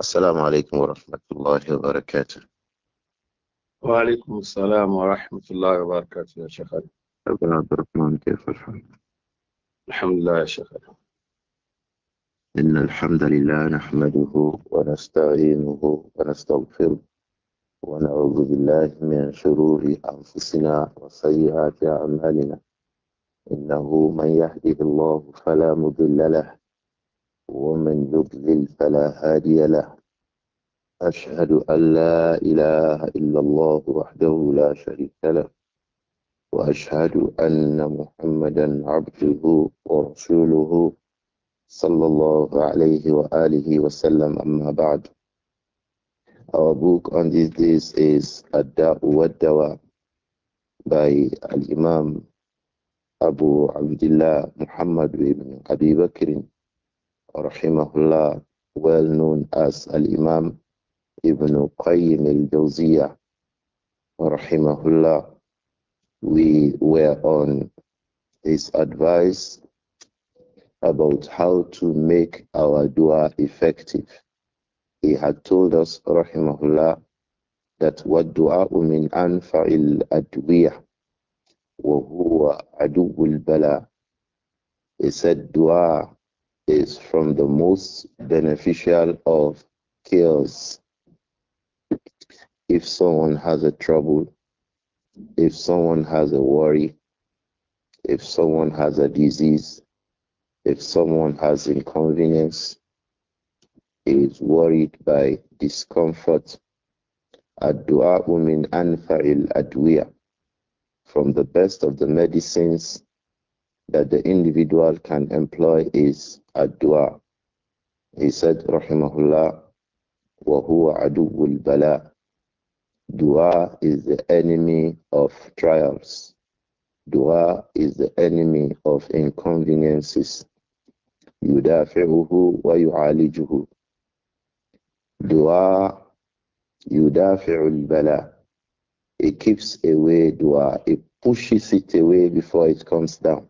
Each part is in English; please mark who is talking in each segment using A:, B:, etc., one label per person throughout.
A: السلام عليكم ورحمة الله وبركاته وعليكم السلام ورحمة الله وبركاته يا شيخ علي ربنا عبد الرحمن كيف الحال؟ الحمد لله يا شيخ علي إن الحمد لله نحمده ونستعينه ونستغفره ونعوذ بالله من شرور أنفسنا وسيئات أعمالنا إنه من يهده الله فلا مضل له ومن يضلل فلا هادي له أشهد أن لا إله إلا الله وحده لا شريك له وأشهد أن محمدا عبده ورسوله صلى الله عليه وآله وسلم أما بعد Our book on these days is Ad-Da'u dawa by Al-Imam Abu Abdullah Muhammad ibn Abi Bakr rahimahullah, well known as Al-Imam Ibn Qayyim al-Jawziyah, rahimahullah, we were on his advice about how to make our dua effective. He had told us, rahimahullah, that what dua min anfa'il adwiyah wa huwa adu'ul bala. He said dua is from the most beneficial of cures. If someone has a trouble, if someone has a worry, if someone has a disease, if someone has inconvenience, is worried by discomfort, ad-du'a min anfa'il adwiya. From the best of the medicines that the individual can employ is Adwa. He said, Rahimahullah, Wahua Aduwul Bala. Dua is the enemy of trials. Dua is the enemy of inconveniences. Yudafi'uhu wa Dua yudafi'ul bala. It keeps away dua. It pushes it away before it comes down.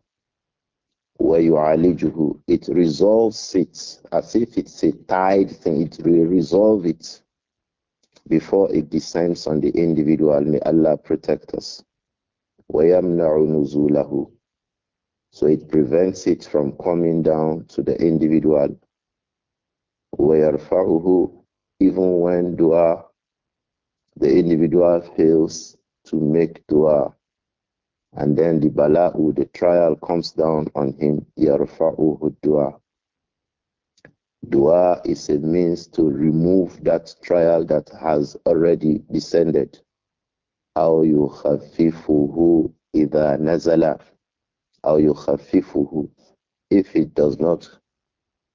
A: وَيُعَالِجُهُ It resolves it as if it's a tied thing. It will resolve it before it descends on the individual. May Allah protect us. وَيَمْنَعُ نُزُولَهُ So it prevents it from coming down to the individual. وَيَرْفَعُهُ Even when dua, the individual fails to make dua and then the bala'u, the trial comes down on him. Yarfa'uhu dua. Dua is a means to remove that trial that has already descended. أو يخففه إذا نزل أو يخففه if it does not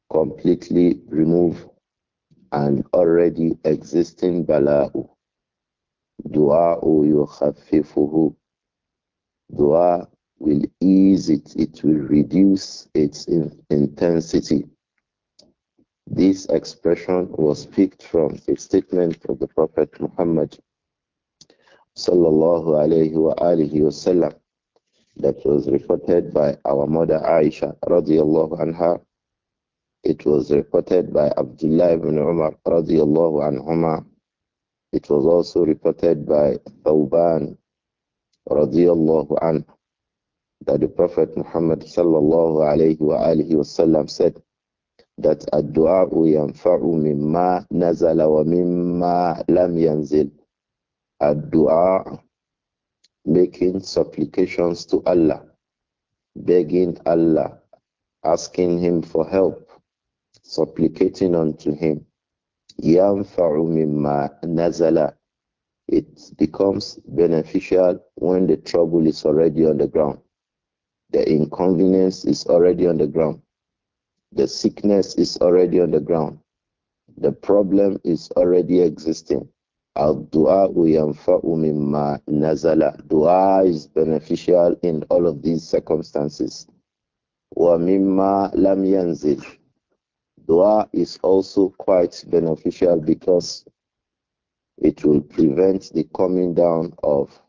A: completely remove an already existing Dua Dua'u yukhaffifuhu. Dua will ease it, it will reduce its in intensity. This expression was picked from a statement of the Prophet Muhammad sallallahu alayhi wa alihi wasallam that was reported by our mother Aisha radiallahu anha. It was reported by Abdullah ibn Umar radiallahu anhuma. It was also reported by Thawban radiallahu anhu, that the Prophet Muhammad sallallahu alayhi wa alihi wasallam said that ad-du'a yanfa'u mimma nazala wa mimma lam yanzil. Ad-du'a, making supplications to Allah, begging Allah, asking Him for help, supplicating unto Him. Yanfa'u mimma nazala it becomes beneficial when the trouble is already on the ground. The inconvenience is already on the ground. The sickness is already on the ground. The problem is already existing. Al-du'a yanfa'u mimma nazala. Dua is beneficial in all of these circumstances. Wa mimma lam yanzil. Dua is also quite beneficial because it will prevent the coming down of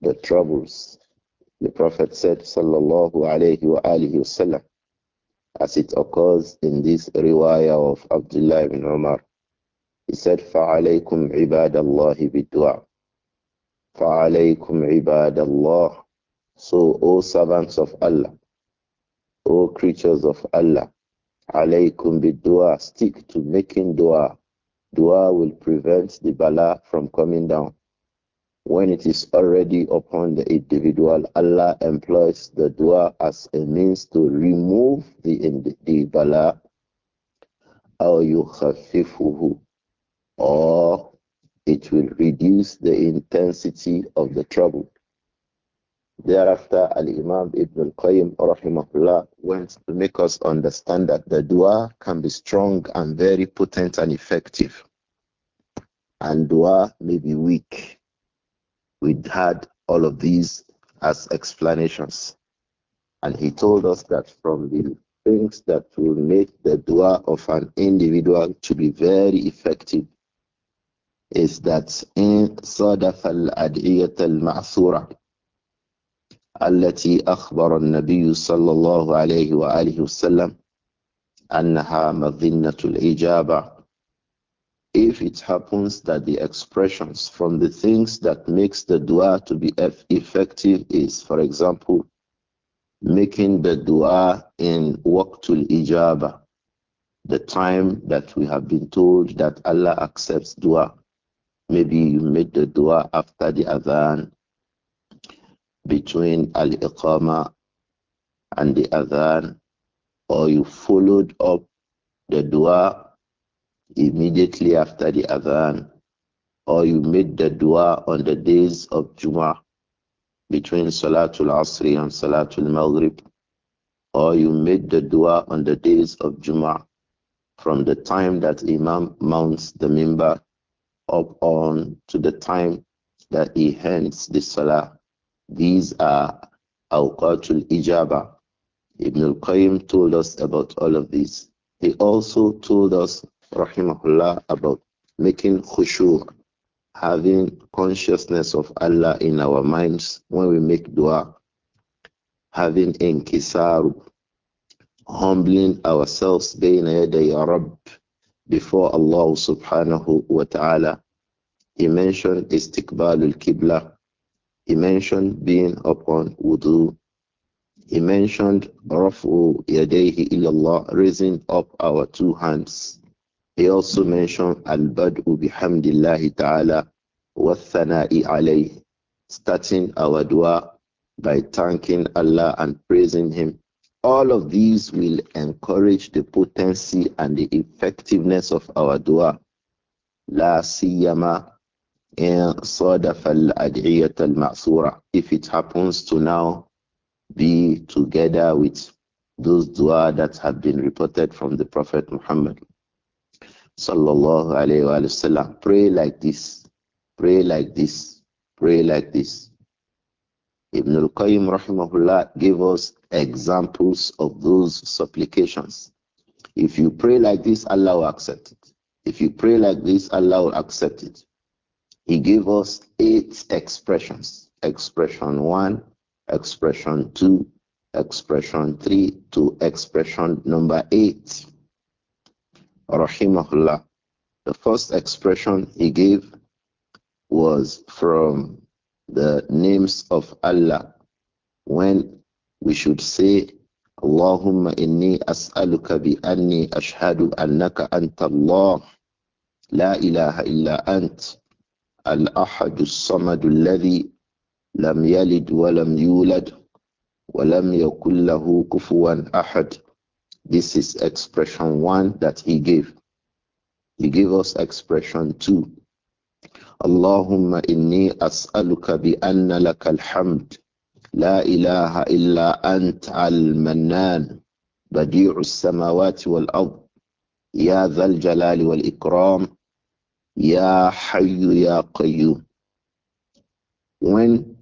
A: the troubles. The Prophet said, Sallallahu Alaihi Wasallam, as it occurs in this riwayah of Abdullah ibn Umar. He said, فَعَلَيْكُمْ عِبَادَ اللَّهِ بِالدُّعَى فَعَلَيْكُمْ عِبَادَ اللَّهِ So, O servants of Allah, O creatures of Allah, عَلَيْكُمْ بِالدُّعَى Stick to making dua. Dua will prevent the bala from coming down. When it is already upon the individual, Allah employs the dua as a means to remove the, the bala or or it will reduce the intensity of the trouble. Thereafter, Al-Imam Ibn al-Qayyim rahimahullah went to make us understand that the dua can be strong and very potent and effective. And dua may be weak. We had all of these as explanations. And he told us that from the things that will make the dua of an individual to be very effective is that in صادف الأدعية المعثورة التي أخبر النبي صلى الله عليه وآله وسلم أنها مظنة الإجابة if it happens that the expressions from the things that makes the dua to be effective is, for example, making the dua in waqtul ijaba, the time that we have been told that Allah accepts dua. Maybe you made the dua after the adhan, between Al Iqama and the Adhan, or you followed up the dua immediately after the Adhan, or you made the dua on the days of Jum'ah between Salatul Asri and Salatul Maghrib, or you made the dua on the days of Jum'ah from the time that Imam mounts the mimbar up on to the time that he hands the Salah these are awqatul ijaba. Ibn al-Qayyim told us about all of these. He also told us, rahimahullah, about making khushu', having consciousness of Allah in our minds when we make dua, having inkisaru, humbling ourselves bayna yaday Rabb before Allah subhanahu wa ta'ala. He mentioned al qibla, he mentioned being upon wudu. He mentioned rafu Yadehi illallah, raising up our two hands. He also mentioned al-bad'u bihamdillahi ta'ala wa thana'i alayhi, starting our dua by thanking Allah and praising Him. All of these will encourage the potency and the effectiveness of our dua. La siyama if it happens to now be together with those dua that have been reported from the Prophet Muhammad. Sallallahu alayhi wa Pray like this. Pray like this. Pray like this. Ibn al-Qayyim rahimahullah gave us examples of those supplications. If you pray like this, Allah will accept it. If you pray like this, Allah will accept it. He gave us eight expressions expression one, expression two, expression three to expression number eight. Rahimahullah. The first expression he gave was from the names of Allah when we should say Allahumma inni as'aluka bi anni ashhadu annaka anta Allah la ilaha illa ant الأحد الصمد الذي لم يلد ولم يولد ولم يكن له كفوا أحد This is expression one that he gave. He gave us expression two. اللهم إني أسألك بأن لك الحمد لا إله إلا أنت المنان بديع السماوات والأرض يا ذا الجلال والإكرام Ya Hayyu Ya Qayyum. When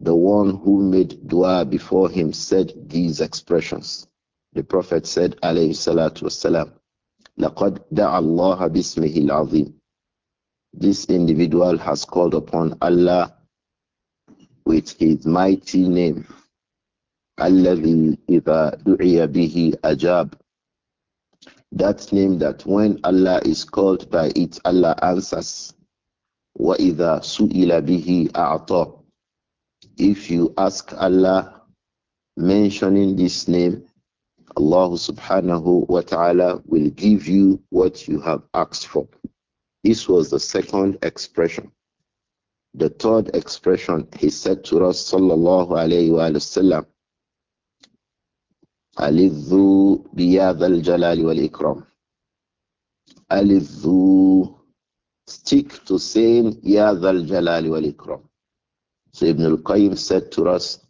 A: the one who made dua before him said these expressions, the Prophet said, alayhi salatu wasalam, لَقَدْ دَعَ اللَّهَ بِاسْمِهِ الْعَظِيمِ This individual has called upon Allah with his mighty name. الَّذِي إِذَا دُعِيَ بِهِ أَجَابَ that name that when Allah is called by it, Allah answers. وَإِذَا سُئِلَ بِهِ أَعْطَى If you ask Allah mentioning this name, Allah subhanahu wa ta'ala will give you what you have asked for. This was the second expression. The third expression he said to us, sallallahu alayhi wa sallam, Alizu biyad al jalali wal ikram. Alizu. Stick to saying yad al jalali wal ikram. So Ibn al Qayyim said to us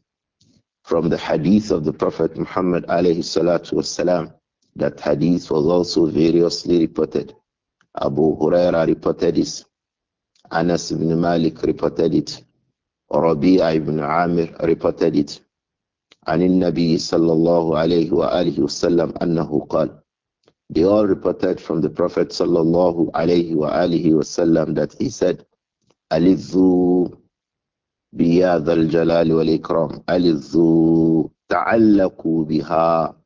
A: from the hadith of the Prophet Muhammad alayhi salatu wasalam, that hadith was also variously reported. Abu Huraira reported this. Anas ibn Malik reported it. Rabi'a ibn Amir reported it. عن النبي صلى الله عليه وآله وسلم أنه قال They all reported from the Prophet صلى الله عليه وآله وسلم that he said ألذوا بهذا الجلال والإكرام ألذوا تعلقوا بها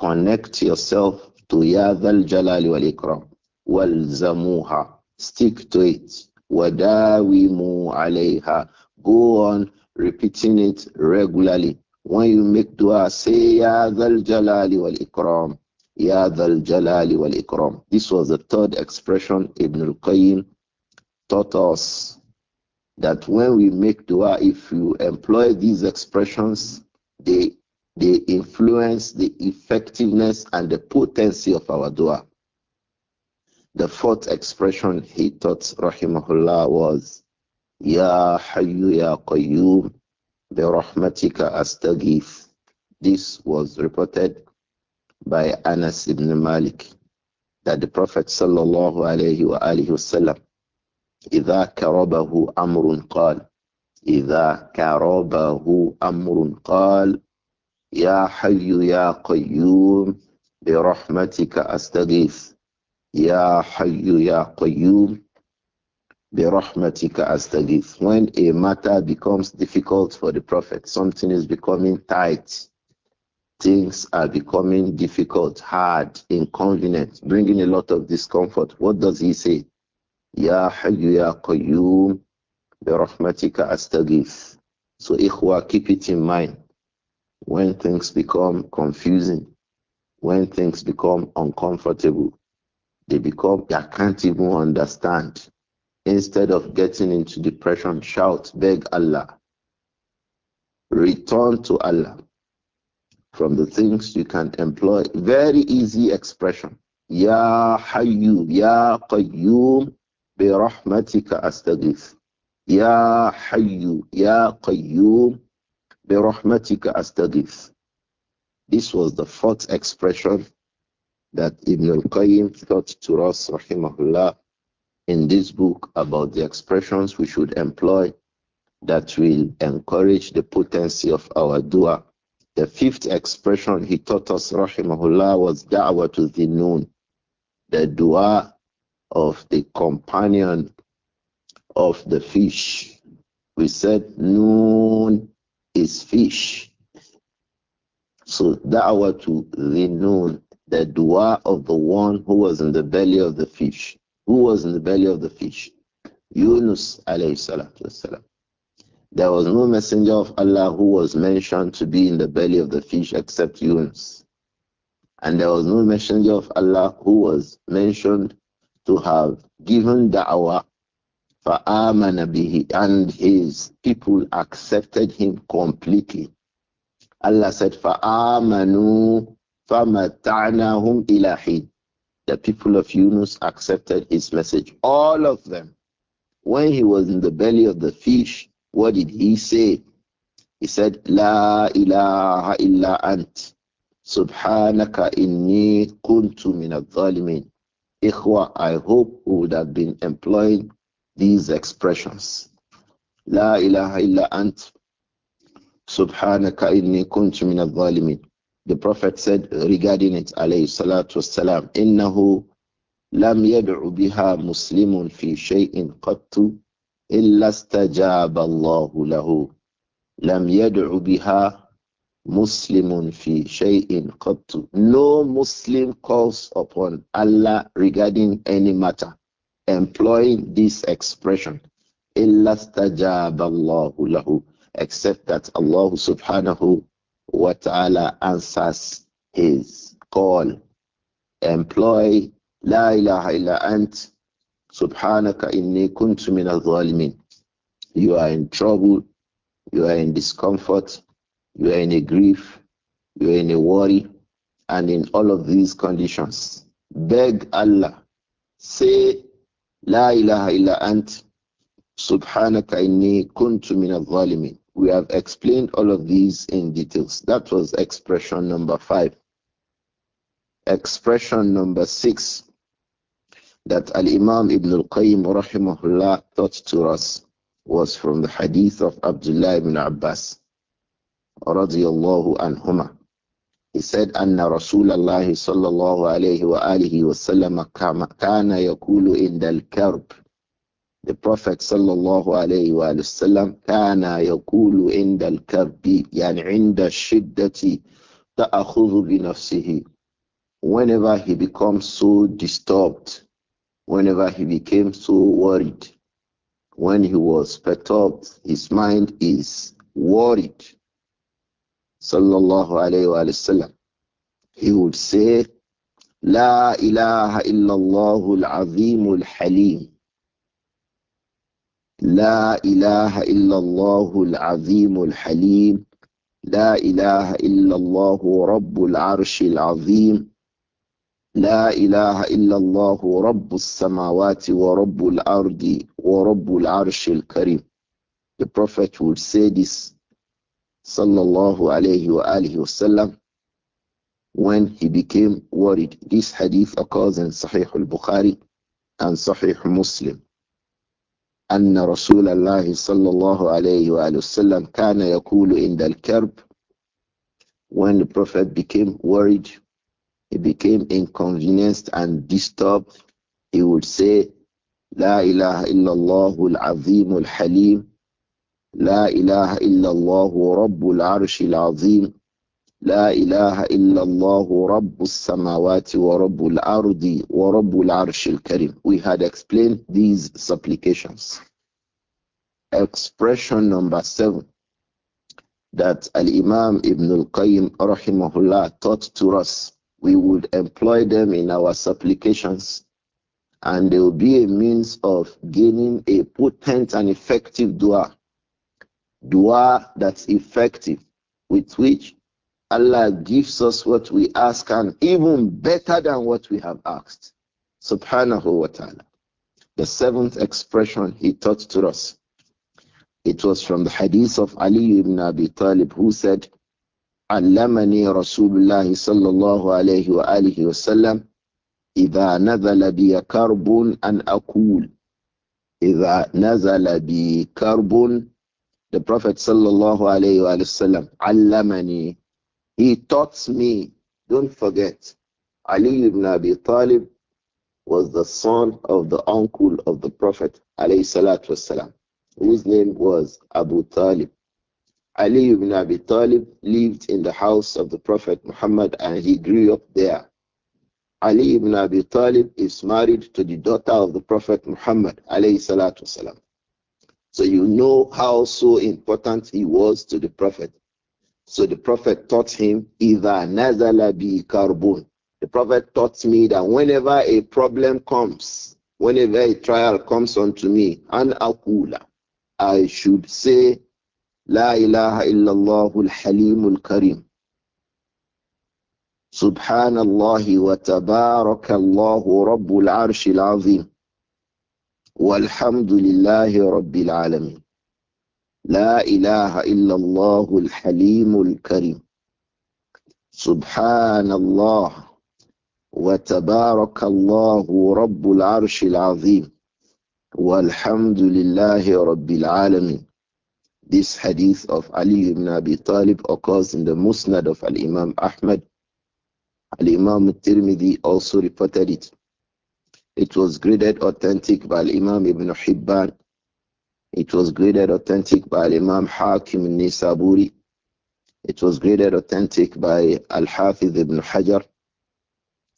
A: connect yourself to يا ذا الجلال والإكرام والزموها stick to it wadawimu alayha go on repeating it regularly when you make dua, say Ya Dhal Jalali wal Ikram. Ya wal Ikram. This was the third expression Ibn al-Qayyim taught us that when we make dua, if you employ these expressions, they they influence the effectiveness and the potency of our dua. The fourth expression he taught Rahimahullah was Ya Hayyu Ya Qayyum برحمتك أستغيث This was reported by Anas ibn Malik that the Prophet sallallahu alayhi wa alihi wasallam إذا كربه أمر قال إذا كربه أمر قال يا حي يا قيوم برحمتك أستغيث يا حي يا قيوم when a matter becomes difficult for the prophet something is becoming tight things are becoming difficult hard inconvenient bringing a lot of discomfort what does he say Ya حي يا قيوم برحمتك أستغيث so ikhwa keep it in mind when things become confusing when things become uncomfortable they become I can't even understand Instead of getting into depression, shout, beg Allah. Return to Allah. From the things you can employ, very easy expression. Ya Hayyu, Ya Qayyum, bi rahmatika astaghith. Ya Hayyu, Ya Qayyum, bi rahmatika astaghith. This was the fourth expression that Ibn al-Qayyim taught to us, rahimahullah, in this book about the expressions we should employ that will encourage the potency of our dua. The fifth expression he taught us, rahimahullah, was da'wah to the noon, the dua of the companion of the fish. We said noon is fish. So da'wah to the noon, the dua of the one who was in the belly of the fish. Who was in the belly of the fish? Yunus alayhi salatu wasalam. There was no messenger of Allah who was mentioned to be in the belly of the fish except Yunus. And there was no messenger of Allah who was mentioned to have given da'wah for به and his people accepted him completely. Allah said فآمنوا فمتعناهم إلى حين the people of Yunus accepted his message. All of them. When he was in the belly of the fish, what did he say? He said, La ilaha illa ant. Subhanaka inni kuntu min al Ikhwa, I hope who would have been employing these expressions. La ilaha illa ant. Subhanaka inni kuntu min al the Prophet said regarding it, alayhi salatu wassalam, innahu لم يدع بها muslimun في shay'in قط إلا استجاب الله له لم يدع Muslimun fi shay'in qattu. No Muslim calls upon Allah regarding any matter, employing this expression, illa lahu, except that Allah subhanahu wa ta'ala answers his call. Employ La ilaha illa ant subhanaka inni kuntu al zalimin. You are in trouble, you are in discomfort, you are in a grief, you are in a worry, and in all of these conditions. Beg Allah, say La ilaha illa ant subhanaka inni kuntu al zalimin. We have explained all of these in details. That was expression number five. Expression number six that Al Imam Ibn Al Qayyim rahimahullah taught to us was from the hadith of Abdullah ibn Abbas radiyallahu anhuma. He said, أن رسول الله صلى الله عليه وآله وسلم كان يقول عند الكرب the Prophet sallallahu alayhi wa sallam kana yakulu inda al-karbi yani inda shiddati ta'akhudhu bi nafsihi. Whenever he becomes so disturbed, whenever he became so worried, when he was perturbed, his mind is worried. Sallallahu alayhi wa sallam. He would say, La ilaha illallah al-azim al-halim. لا اله الا الله العظيم الحليم لا اله الا الله رب العرش العظيم لا اله الا الله رب السماوات ورب الارض ورب العرش الكريم the prophet would say this صلى الله عليه واله وسلم when he became worried this hadith occurs in sahih al-bukhari and sahih muslim أن رسول الله صلى الله عليه وآله وسلم كان يقول عند الكرب when the Prophet became worried, he became inconvenienced and disturbed, he would say, لا إله إلا الله العظيم الحليم لا إله إلا الله رب العرش العظيم لا إله إلا الله رب السماوات ورب الأرض ورب العرش الكريم We had explained these supplications. Expression number seven that Al-Imam Ibn Al-Qayyim rahimahullah taught to us. We would employ them in our supplications and they will be a means of gaining a potent and effective dua. Dua that's effective with which Allah gives us what we ask and even better than what we have asked. Subhanahu wa ta'ala. The seventh expression he taught to us. It was from the hadith of Ali ibn Abi Talib who said, علمني رسول الله صلى الله عليه وآله وسلم إذا نزل بي كرب أن أقول إذا نزل بي كرب The Prophet صلى الله عليه وآله وسلم علمني he taught me. Don't forget, Ali ibn Abi Talib was the son of the uncle of the Prophet والسلام, whose name was Abu Talib. Ali ibn Abi Talib lived in the house of the Prophet Muhammad and he grew up there. Ali ibn Abi Talib is married to the daughter of the Prophet Muhammad والسلام. So you know how so important he was to the Prophet so the Prophet taught him, Ida nazala karbun. The Prophet taught me that whenever a problem comes, whenever a trial comes unto me, an akula, I should say, La ilaha illallah al al karim. سبحان wa وتبارك الله رب العرش العظيم والحمد لله رب العالمين لا إله إلا الله الحليم الكريم سبحان الله وتبارك الله رب العرش العظيم والحمد لله رب العالمين This hadith of Ali ibn Abi Talib occurs in the Musnad of Al-Imam Ahmad. Al-Imam Tirmidhi also reported it. It was graded authentic by Al-Imam Ibn Hibban it was graded authentic by Imam Hakim Nisaburi. It was graded authentic by Al Hafiz ibn Hajar.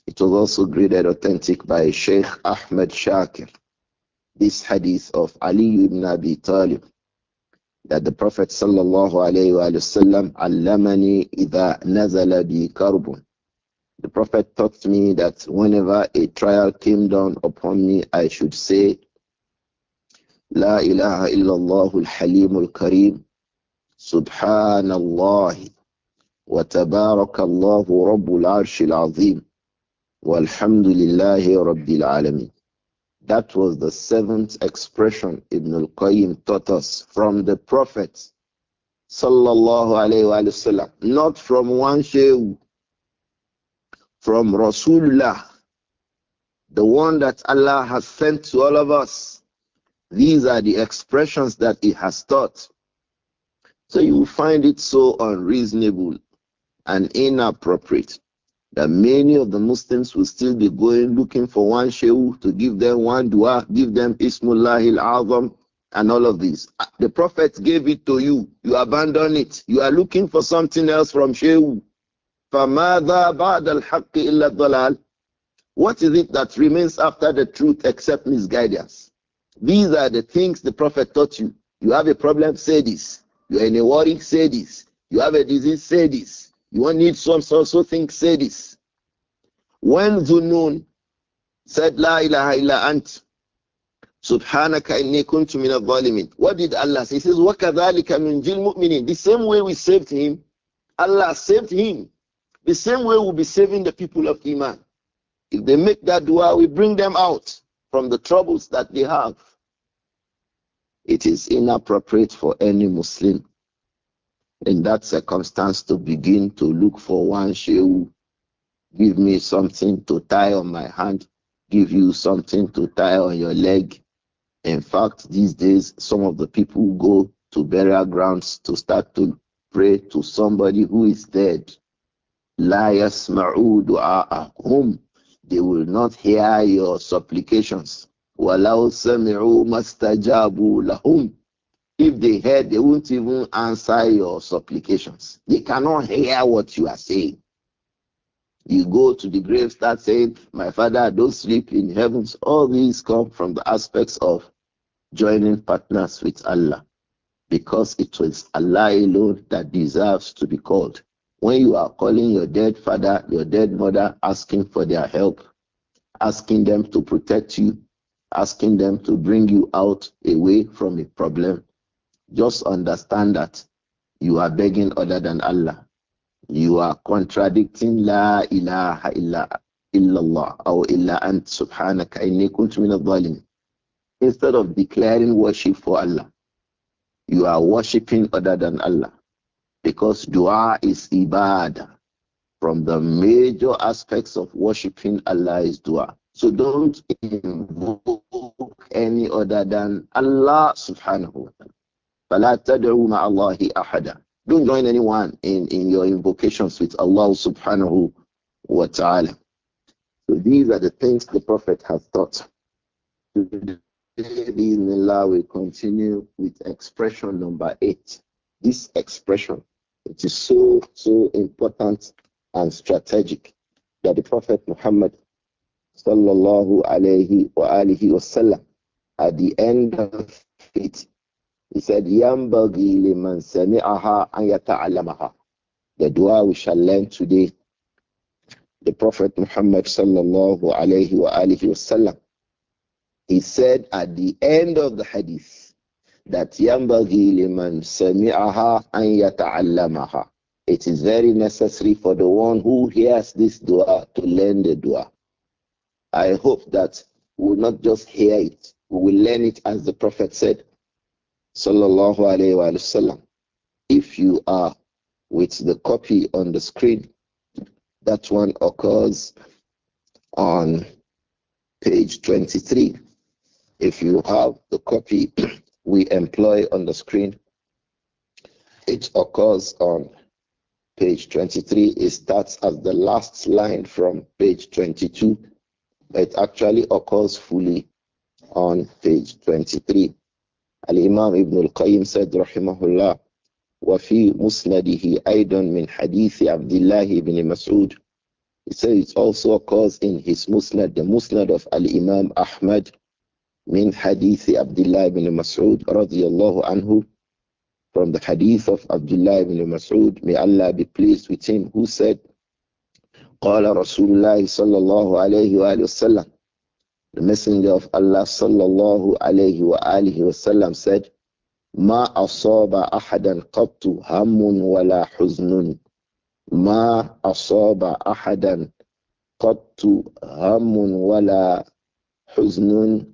A: It was also graded authentic by Sheikh Ahmed Shakir. This hadith of Ali ibn Abi Talib that the Prophet sallallahu alayhi wa sallam allamani idha nazala bi karbun. The Prophet taught me that whenever a trial came down upon me, I should say لا إله إلا الله الحليم الكريم سبحان الله وتبارك الله رب العرش العظيم والحمد لله رب العالمين That was the seventh expression Ibn al-Qayyim taught us from the Prophet sallallahu alayhi wa sallam. Not from one shaykh, from Rasulullah, the one that Allah has sent to all of us these are the expressions that he has taught. So you find it so unreasonable and inappropriate that many of the Muslims will still be going looking for one shehu to give them one dua, give them Ismullah al-Azam and all of these. Ah, the Prophet gave it to you. You abandon it. You are looking for something else from shehu. What is it that remains after the truth except misguidance? These are the things the Prophet taught you. You have a problem, say this. You are in a worry, say this. You have a disease, say this. You want need some so so thing, say this. When Zunun said La ilaha illa ant Subhanaka inni kuntu min al-zalimin. What did Allah say? He says, وَكَذَلِكَ نُنْجِي الْمُؤْمِنِينَ The same way we saved him, Allah saved him. The same way we'll be saving the people of Iman. If they make that dua, we bring them out from the troubles that they have. It is inappropriate for any Muslim in that circumstance to begin to look for one shehu. Give me something to tie on my hand, give you something to tie on your leg. In fact, these days, some of the people go to burial grounds to start to pray to somebody who is dead. لا يسمعوا دعاءهم they will not hear your supplications. وَلَوْ سَمِعُوا مَسْتَجَابُوا لَهُمْ If they heard, they won't even answer your supplications. They cannot hear what you are saying. You go to the grave, start saying, My father, don't sleep in heavens. All these come from the aspects of joining partners with Allah because it was Allah alone that deserves to be called. When you are calling your dead father, your dead mother, asking for their help, asking them to protect you, asking them to bring you out away from a problem, just understand that you are begging other than Allah. You are contradicting La ilaha illa illallah or illa ant subhanaka inni kuntu min Instead of declaring worship for Allah, you are worshiping other than Allah. Because dua is ibadah. From the major aspects of worshipping Allah is dua. So don't invoke any other than Allah subhanahu wa ta'ala. فلا تَدْعُوا مَعَ أَحَدًا Don't join anyone in, in your invocations with Allah subhanahu wa ta'ala. So these are the things the Prophet has taught. Today, we continue with expression number eight. This expression, it is so, so important and strategic that the Prophet Muhammad sallallahu alayhi wa alihi wasallam at the end of it he said yambagi liman sami'aha an yata'allamaha the dua we shall learn today the prophet muhammad sallallahu alayhi wa alihi wasallam he said at the end of the hadith that ينبغي لمن سمعها أن يتعلمها. It is very necessary for the one who hears this dua to learn the dua. I hope that we will not just hear it, we will learn it as the Prophet said, Sallallahu Alaihi Wasallam. If you are with the copy on the screen, that one occurs on page 23. If you have the copy we employ on the screen. It occurs on page 23. It starts as the last line from page 22. It actually occurs fully on page 23. Al-Imam Ibn al-Qayyim said, rahimahullah, وفي مسنده أيضا من حديث عبد الله بن مسعود He said it also occurs in his musnad, the musnad of Al-Imam Ahmad من حديث عبد الله بن مسعود رضي الله عنه from the hadith of Abdullah ibn Mas'ud may Allah be pleased with him who said قال رسول الله صلى الله عليه وآله وسلم the messenger of Allah صلى الله عليه وآله وسلم said ما أصاب أحدا قط هم ولا حزن ما أصاب أحدا قط هم ولا حزن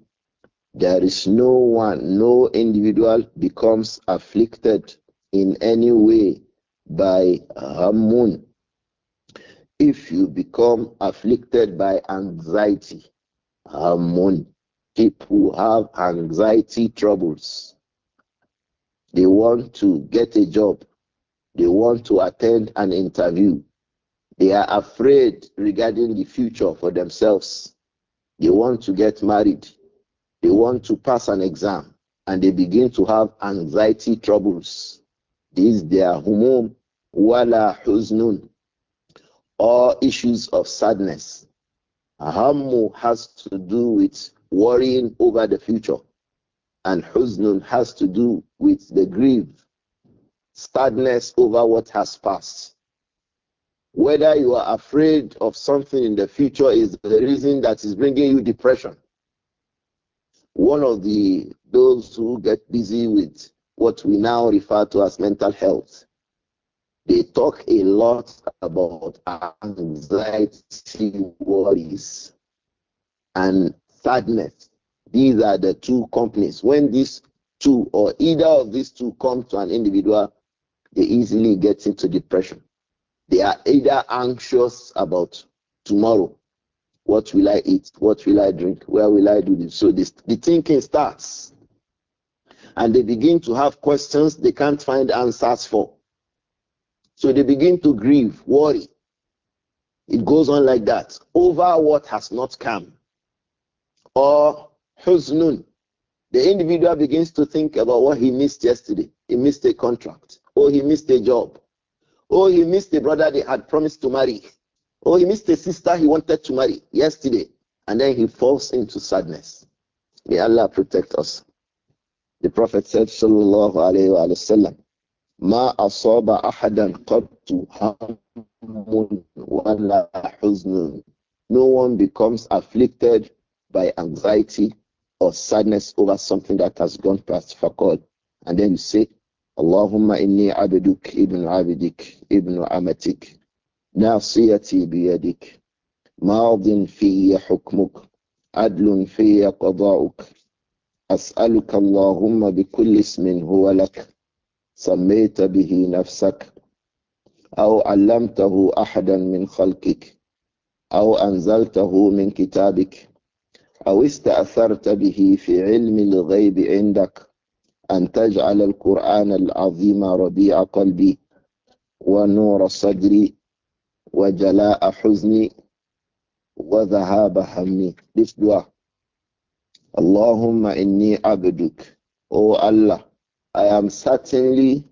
A: there is no one, no individual becomes afflicted in any way by Hamun. If you become afflicted by anxiety, Hamun, people have anxiety troubles. They want to get a job, they want to attend an interview, they are afraid regarding the future for themselves. They want to get married. They want to pass an exam and they begin to have anxiety troubles. is their humum wala huznun or issues of sadness. Ahammu has to do with worrying over the future, and huznun has to do with the grief, sadness over what has passed. Whether you are afraid of something in the future is the reason that is bringing you depression one of the those who get busy with what we now refer to as mental health. They talk a lot about anxiety, worries, and sadness. These are the two companies. When these two or either of these two come to an individual, they easily get into depression. They are either anxious about tomorrow what will I eat? What will I drink? Where will I do this? So this, the thinking starts. And they begin to have questions they can't find answers for. So they begin to grieve, worry. It goes on like that over what has not come. Or huznun. The individual begins to think about what he missed yesterday. He missed a contract. Or oh, he missed a job. Or oh, he missed a brother they had promised to marry Oh, he missed a sister he wanted to marry yesterday, and then he falls into sadness. May Allah protect us. The Prophet said, Sallallahu Alaihi Wasallam, ما أصاب أحدا قط هم ولا حزن. No one becomes afflicted by anxiety or sadness over something that has gone past for God. And then you say, Allahumma inni abiduk ibn abidik ibn amatik ناصيتي بيدك ماض في حكمك عدل في قضاؤك أسألك اللهم بكل اسم هو لك سميت به نفسك أو علمته أحدا من خلقك أو أنزلته من كتابك أو استأثرت به في علم الغيب عندك أن تجعل القرآن العظيم ربيع قلبي ونور صدري وَجَلَاءَ حُزْنِي وَذَهَابَ هَمِّي This dua. Allahumma inni abduk. O oh Allah, I am certainly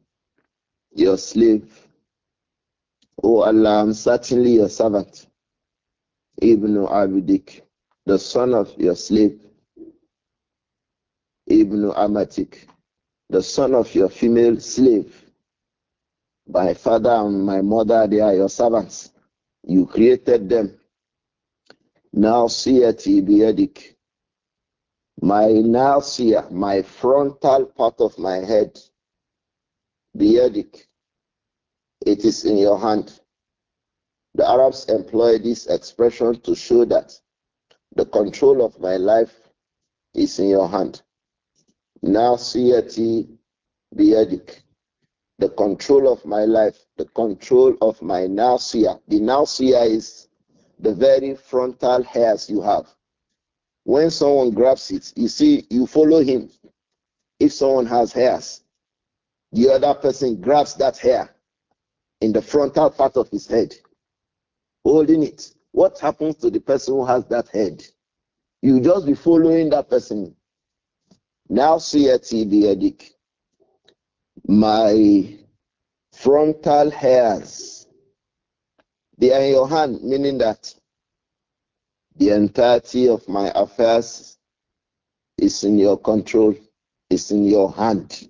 A: your slave. O oh Allah, I am certainly your servant. Ibn Abidik, the son of your slave. Ibn Amatik, the son of your female slave. My father and my mother, they are your servants. You created them. Now see it biyadik. My see my frontal part of my head, biyadik. It is in your hand. The Arabs employ this expression to show that the control of my life is in your hand. Now see it biyadik the control of my life, the control of my nausea. The nausea is the very frontal hairs you have. When someone grabs it, you see, you follow him. If someone has hairs, the other person grabs that hair in the frontal part of his head, holding it. What happens to the person who has that head? You just be following that person. Now see a TB addict my frontal hairs. They are in your hand, meaning that the entirety of my affairs is in your control, is in your hand.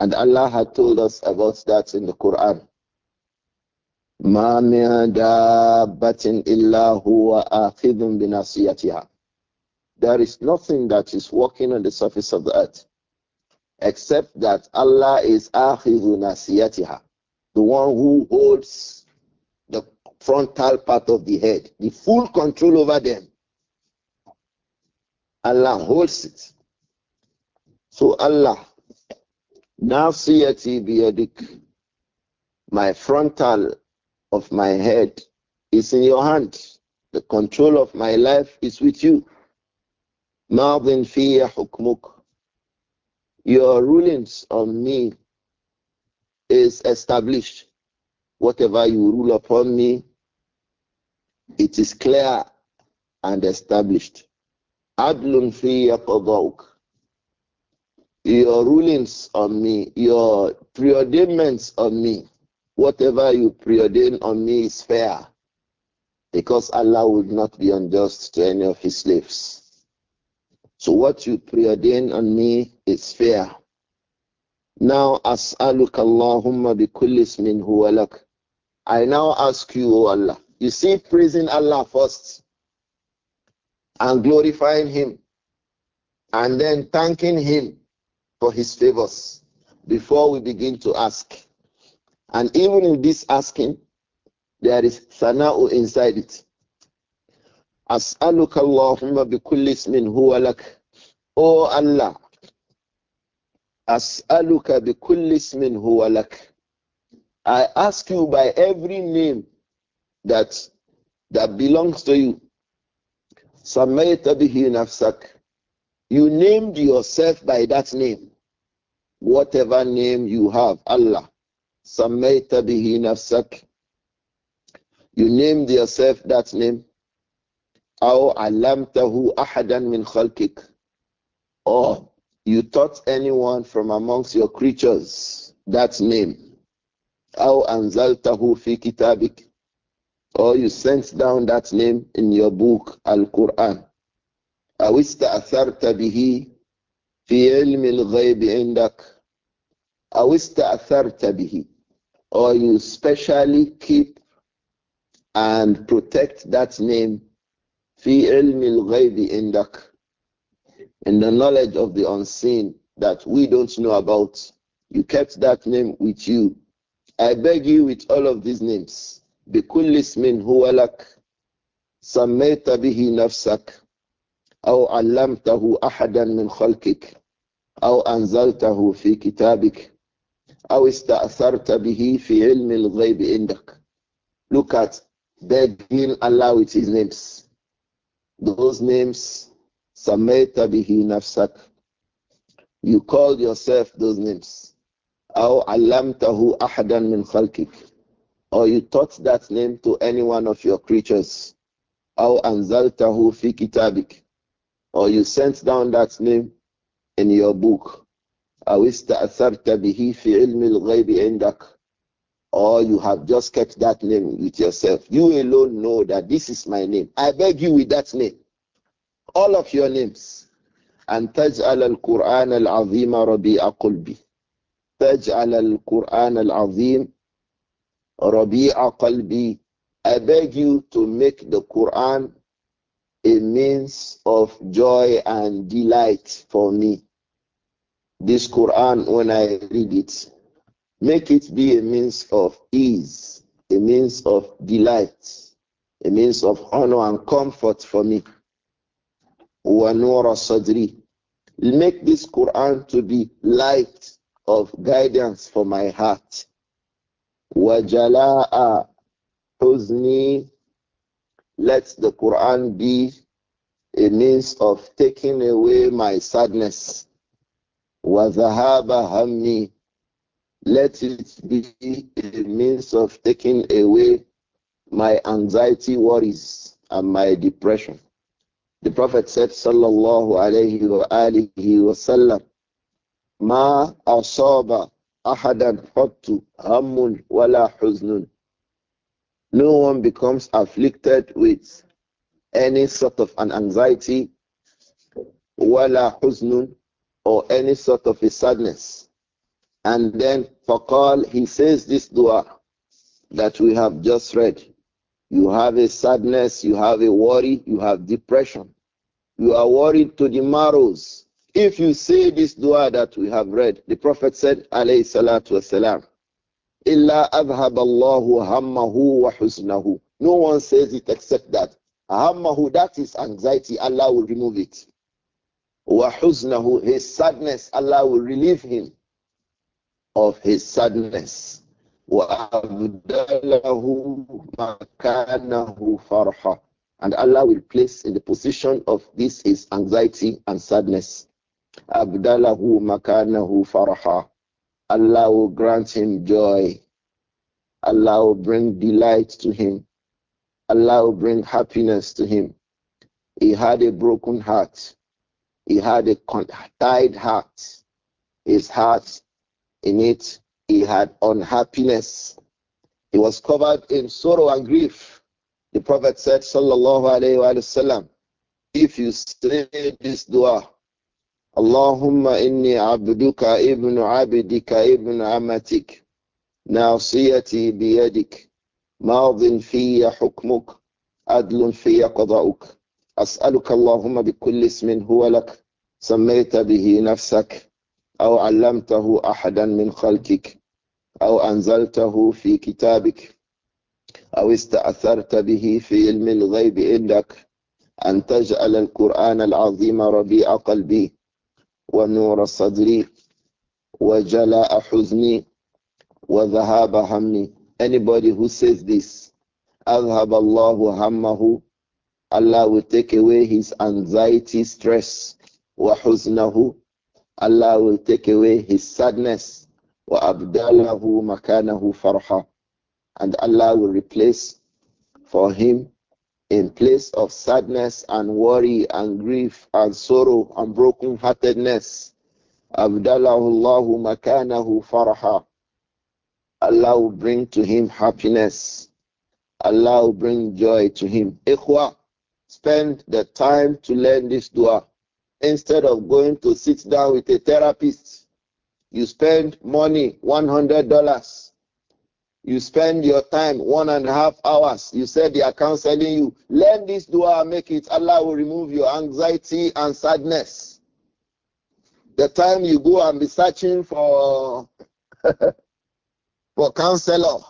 A: And Allah had told us about that in the Quran. ما من دابة إلا هو آخذ There is nothing that is walking on the surface of the earth except that Allah is akhidhu the one who holds the frontal part of the head, the full control over them. Allah holds it. So Allah, nasiyati biyadik, my frontal of my head is in your hand. The control of my life is with you. ماض fiya hukmuk. Your rulings on me is established. Whatever you rule upon me, it is clear and established. Adlun fi Your rulings on me, your preordainments on me, whatever you preordain on me is fair, because Allah would not be unjust to any of his slaves. So what you preordain on me is fair. Now as'aluka Allahumma bi kulli ismin huwa lak. I now ask you, O Allah. You see, praising Allah first and glorifying Him and then thanking Him for His favors before we begin to ask. And even in this asking, there is sana'u inside it. As'aluka Allahumma bi kulli ismin huwa lak. Oh Allah. As'aluka bi kulli ismin huwa lak. I ask you by every name that that belongs to you. Samayta bihi You named yourself by that name. Whatever name you have, Allah. Samayta bihi You named yourself that name. أو علمته أحدا من خلقك or you taught anyone from amongst your creatures that name أو أنزلته في كتابك or you sent down that name in your book Al-Quran أو استأثرت به في علم الغيب عندك أو استأثرت به or you specially keep and protect that name في علم الغيب عندك in the knowledge of the unseen that we don't know about. You kept that name with you. I beg you with all of these names. بكل اسم هو لك سميت به نفسك أو علمته أحدا من خلقك أو أنزلته في كتابك أو استأثرت به في علم الغيب عندك. Look at begging Allah with his names. Those names, Samaita bihi nafsak. You called yourself those names. أو علمته أحدا من خلقك or you taught that name to any one of your creatures أو أنزلته في كتابك or you sent down that name in your book أو استأثرت به في علم الغيب عندك or you have just kept that name with yourself. You alone know that this is my name. I beg you with that name. All of your names. And تجعل القرآن العظيم ربيع قلبي. تجعل القرآن العظيم ربيع قلبي. I beg you to make the Quran a means of joy and delight for me. This Quran, when I read it, Make it be a means of ease, a means of delight, a means of honor and comfort for me. Wanura Sadri. Make this Quran to be light of guidance for my heart. Wajala'a Huzni. Let the Quran be a means of taking away my sadness. Wazahaba Hammi. Let it be a means of taking away my anxiety worries and my depression. The Prophet said, Sallallahu alayhi wa alihi wa sallam, Ma asaba ahadan hattu hammun wala huznun. No one becomes afflicted with any sort of an anxiety, wala huznun, or any sort of a sadness. And then Fakal, he says this dua that we have just read. You have a sadness, you have a worry, you have depression. You are worried to the marrows. If you say this dua that we have read, the Prophet said, alayhi salatu wasalam, illa abhab Allahu hammahu wa husnahu. No one says it except that. Hammahu, that is anxiety, Allah will remove it. Wa husnahu, his sadness, Allah will relieve him of his sadness. And Allah will place in the position of this his anxiety and sadness. Allah will grant him joy. Allah will bring delight to him. Allah will bring happiness to him. He had a broken heart. He had a tied heart. His heart in it. He had unhappiness. He was covered in sorrow and grief. The Prophet said, Sallallahu Alaihi Wasallam, if you say this dua, Allahumma inni abduka ibn abidika ibn amatik, nasiyati biyadik, ma'adhin fiyya hukmuk, adlun fiyya qada'uk, as'aluka Allahumma bi kulli ismin huwa lak, سميت به نفسك أو علمته أحدا من خلقك أو أنزلته في كتابك أو استأثرت به في علم الغيب عندك أن تجعل القرآن العظيم ربيع قلبي ونور صدري وجلاء حزني وذهاب همي anybody who says this أذهب الله همه Allah will take away his anxiety stress وحزنه Allah will take away his sadness. وَأَبْدَالَهُ مَكَانَهُ فَرْحًا And Allah will replace for him in place of sadness and worry and grief and sorrow and brokenheartedness. أَبْدَالَهُ اللَّهُ مَكَانَهُ فَرْحًا Allah will bring to him happiness. Allah will bring joy to him. Ikhwa, spend the time to learn this dua instead of going to sit down with a therapist. You spend money, $100. You spend your time, one and a half hours. You said they are counseling you. Learn this dua, make it. Allah will remove your anxiety and sadness. The time you go and be searching for, for counselor.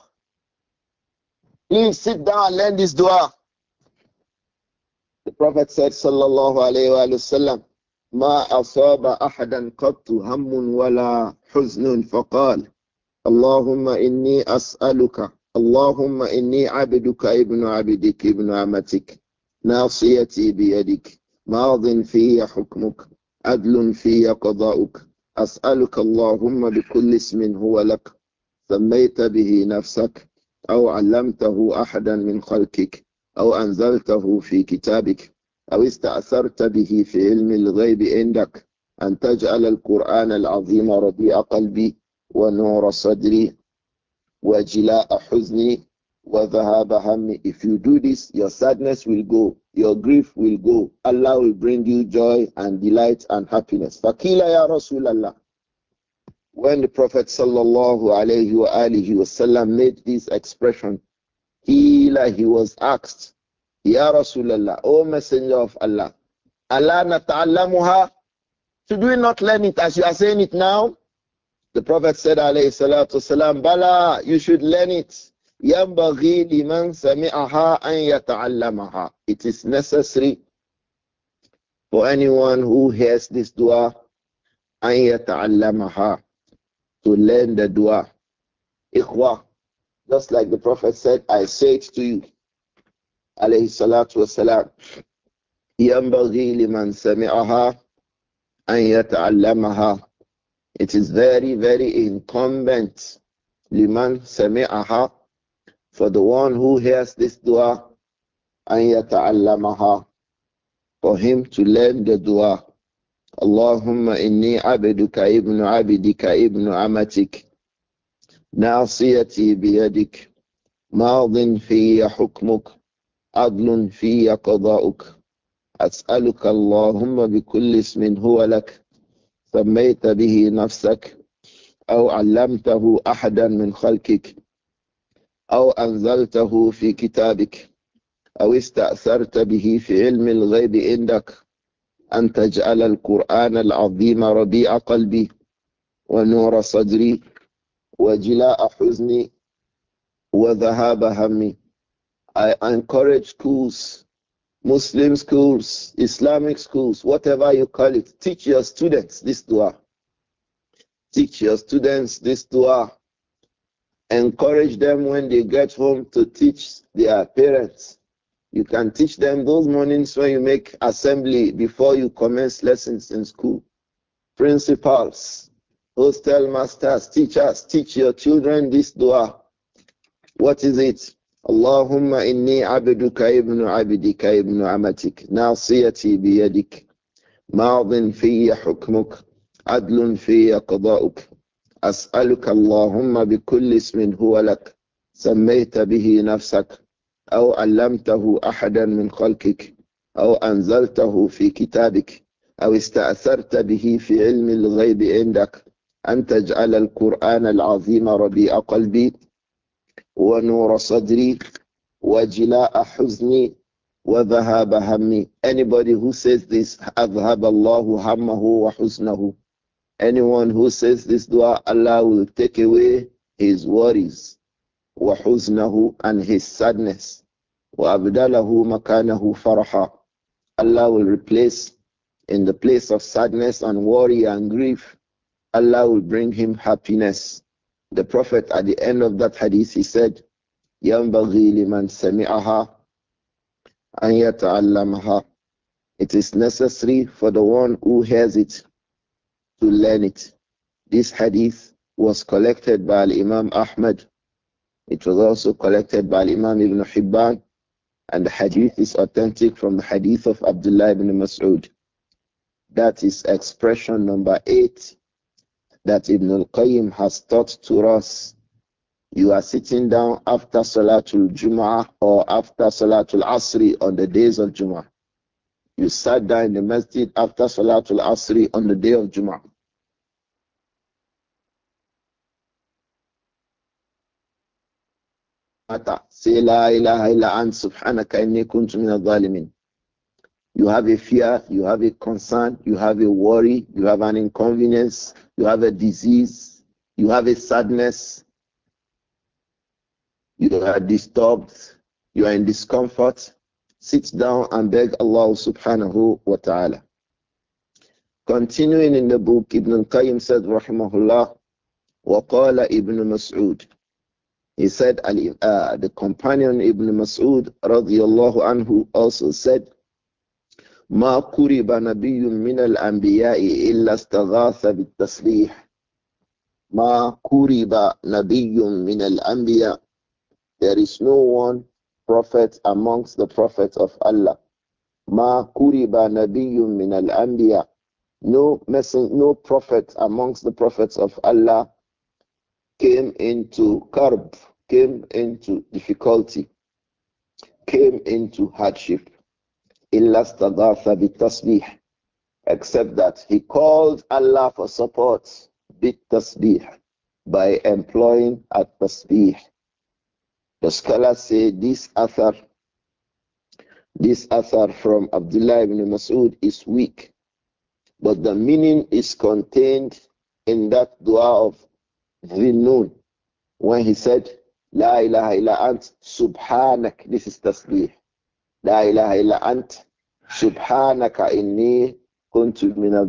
A: Please sit down and learn this dua. The Prophet said, Sallallahu Alaihi Wasallam, ما أصاب أحدا قط هم ولا حزن فقال اللهم إني أسألك اللهم إني عبدك ابن عبدك ابن عمتك ناصيتي بيدك ماض في حكمك عدل في قضاؤك أسألك اللهم بكل اسم هو لك سميت به نفسك أو علمته أحدا من خلقك أو أنزلته في كتابك أو استأثرت به في علم الغيب عندك أن تجعل القرآن العظيم ربيع قلبي ونور صدري وجلاء حزني وذهاب همي if you do this your sadness will go your grief will go Allah will bring you joy and delight and happiness فقيل يا رسول الله when the prophet sallallahu alaihi wasallam made this expression he like he was asked Ya Rasulullah, O Messenger of Allah, Allah nata'allamuha. Should we not learn it as you are saying it now? The Prophet said, alayhi salatu salam, Bala, you should learn it. ينبغي لمن سمعها أن يتعلمها. It is necessary for anyone who hears this dua أن يتعلمها to learn the dua. Ikhwa, just like the Prophet said, I say it to you. عليه الصلاة والسلام ينبغي لمن سمعها أن يتعلمها It is very very incumbent لمن سمعها for the one who hears this dua أن يتعلمها for him to learn the dua اللهم إني عبدك ابن عبدك ابن عمتك ناصيتي بيدك ماض في حكمك عدل في قضاؤك أسألك اللهم بكل اسم هو لك سميت به نفسك أو علمته أحدا من خلقك أو أنزلته في كتابك أو استأثرت به في علم الغيب عندك أن تجعل القرآن العظيم ربيع قلبي ونور صدري وجلاء حزني وذهاب همي I encourage schools, Muslim schools, Islamic schools, whatever you call it, teach your students this dua. Teach your students this dua. Encourage them when they get home to teach their parents. You can teach them those mornings when you make assembly before you commence lessons in school. Principals, hostel masters, teachers, teach your children this dua. What is it? اللهم إني عبدك ابن عبدك ابن عمتك ناصيتي بيدك ماض في حكمك عدل في قضاؤك أسألك اللهم بكل اسم هو لك سميت به نفسك أو علمته أحدا من خلقك أو أنزلته في كتابك أو استأثرت به في علم الغيب عندك أن تجعل القرآن العظيم ربيع قلبي ونور صدري وجلاء حزني وذهاب همي anybody who says this أذهب الله همه وحزنه anyone who says this dua Allah will take away his worries وحزنه and his sadness وأبدله مكانه فرحا Allah will replace in the place of sadness and worry and grief Allah will bring him happiness the Prophet at the end of that hadith, he said, يَنْبَغِي لِمَنْ سَمِعَهَا أَنْ يَتَعَلَّمَهَا It is necessary for the one who hears it to learn it. This hadith was collected by Imam Ahmad. It was also collected by Imam Ibn Hibban. And the hadith is authentic from the hadith of Abdullah ibn Mas'ud. That is expression number eight that Ibn al-Qayyim has taught to us. You are sitting down after Salatul Jum'ah or after Salatul Asri on the days of Jum'ah. You sat down in the masjid after Salatul Asri on the day of Jum'ah. Say la ilaha illa an subhanaka inni kuntu min al-zalimin. You have a fear, you have a concern, you have a worry, you have an inconvenience, you have a disease, you have a sadness, you are disturbed, you are in discomfort. Sit down and beg Allah subhanahu wa ta'ala. Continuing in the book, Ibn al-Qayyim said, rahimahullah, Waqala Ibn Mas'ud. He said, uh, the companion Ibn Mas'ud, radiyallahu anhu, also said, ما قرب نبي من الأنبياء إلا استغاث بالتسبيح ما قرب نبي من الأنبياء There is no one prophet amongst the prophets of Allah. ما قرب نبي من الأنبياء No messenger, no prophet amongst the prophets of Allah came into karb, came into difficulty, came into hardship except that he called Allah for support bitasbih by employing at tasbih. The scholars say this author, this author from Abdullah ibn Masud is weak, but the meaning is contained in that dua of noon when he said, La ilaha illa ant subhanak. This is tasbih. La ilaha illa ant. Subhanaka inni kuntu min al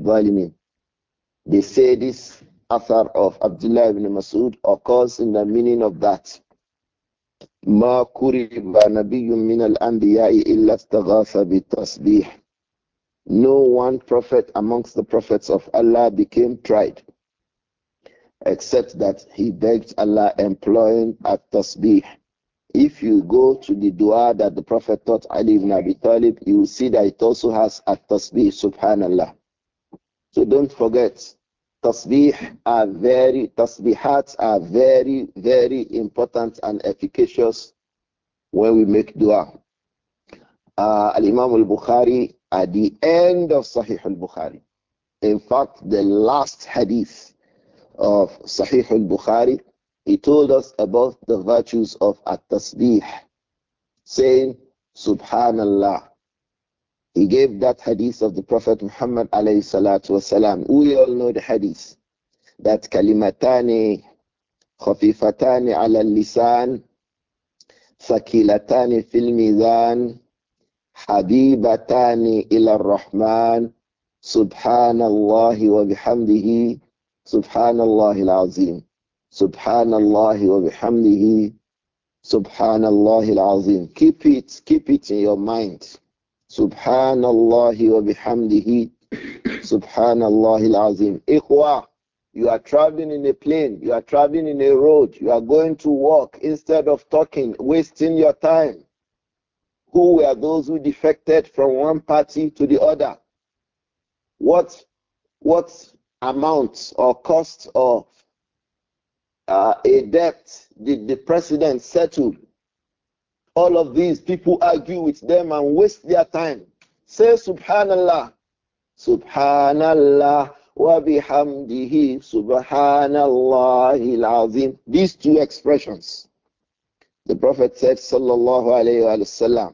A: They say this author of Abdullah ibn Masud occurs in the meaning of that. ما كرب نبي من الأنبياء إلا استغاث بالتسبيح no one prophet amongst the prophets of Allah became tried, except that he begged Allah employing at tasbih. If you go to the dua that the Prophet taught Ali ibn Abi Talib, you will see that it also has a tasbih, subhanallah. So don't forget, tasbih are very, tasbihats are very, very important and efficacious when we make dua. Uh, Al-Imam al-Bukhari at the end of Sahih al-Bukhari. In fact, the last hadith of Sahih al-Bukhari he told us about the virtues of at-tasbih, saying, Subhanallah. He gave that hadith of the Prophet Muhammad alayhi salatu wasalam. We all know the hadith that kalimatani khafifatani ala lisan ثقيلتان في الميزان حبيبتان إلى rahman سبحان الله وبحمده Subhanallah al-Azim. Subhanallah wa bihamdihi. Subhanallah al-azim. Keep it, keep it in your mind. Subhanallah wa bihamdihi. Subhanallah al-azim. you are traveling in a plane, you are traveling in a road, you are going to work instead of talking, wasting your time. Who were those who defected from one party to the other? What what amount or cost or uh, a debt the the president settled. All of these people argue with them and waste their time. Say Subhanallah, Subhanallah wa bihamdihi, Subhanallah azim. These two expressions. The Prophet said, Sallallahu alayhi Wasallam,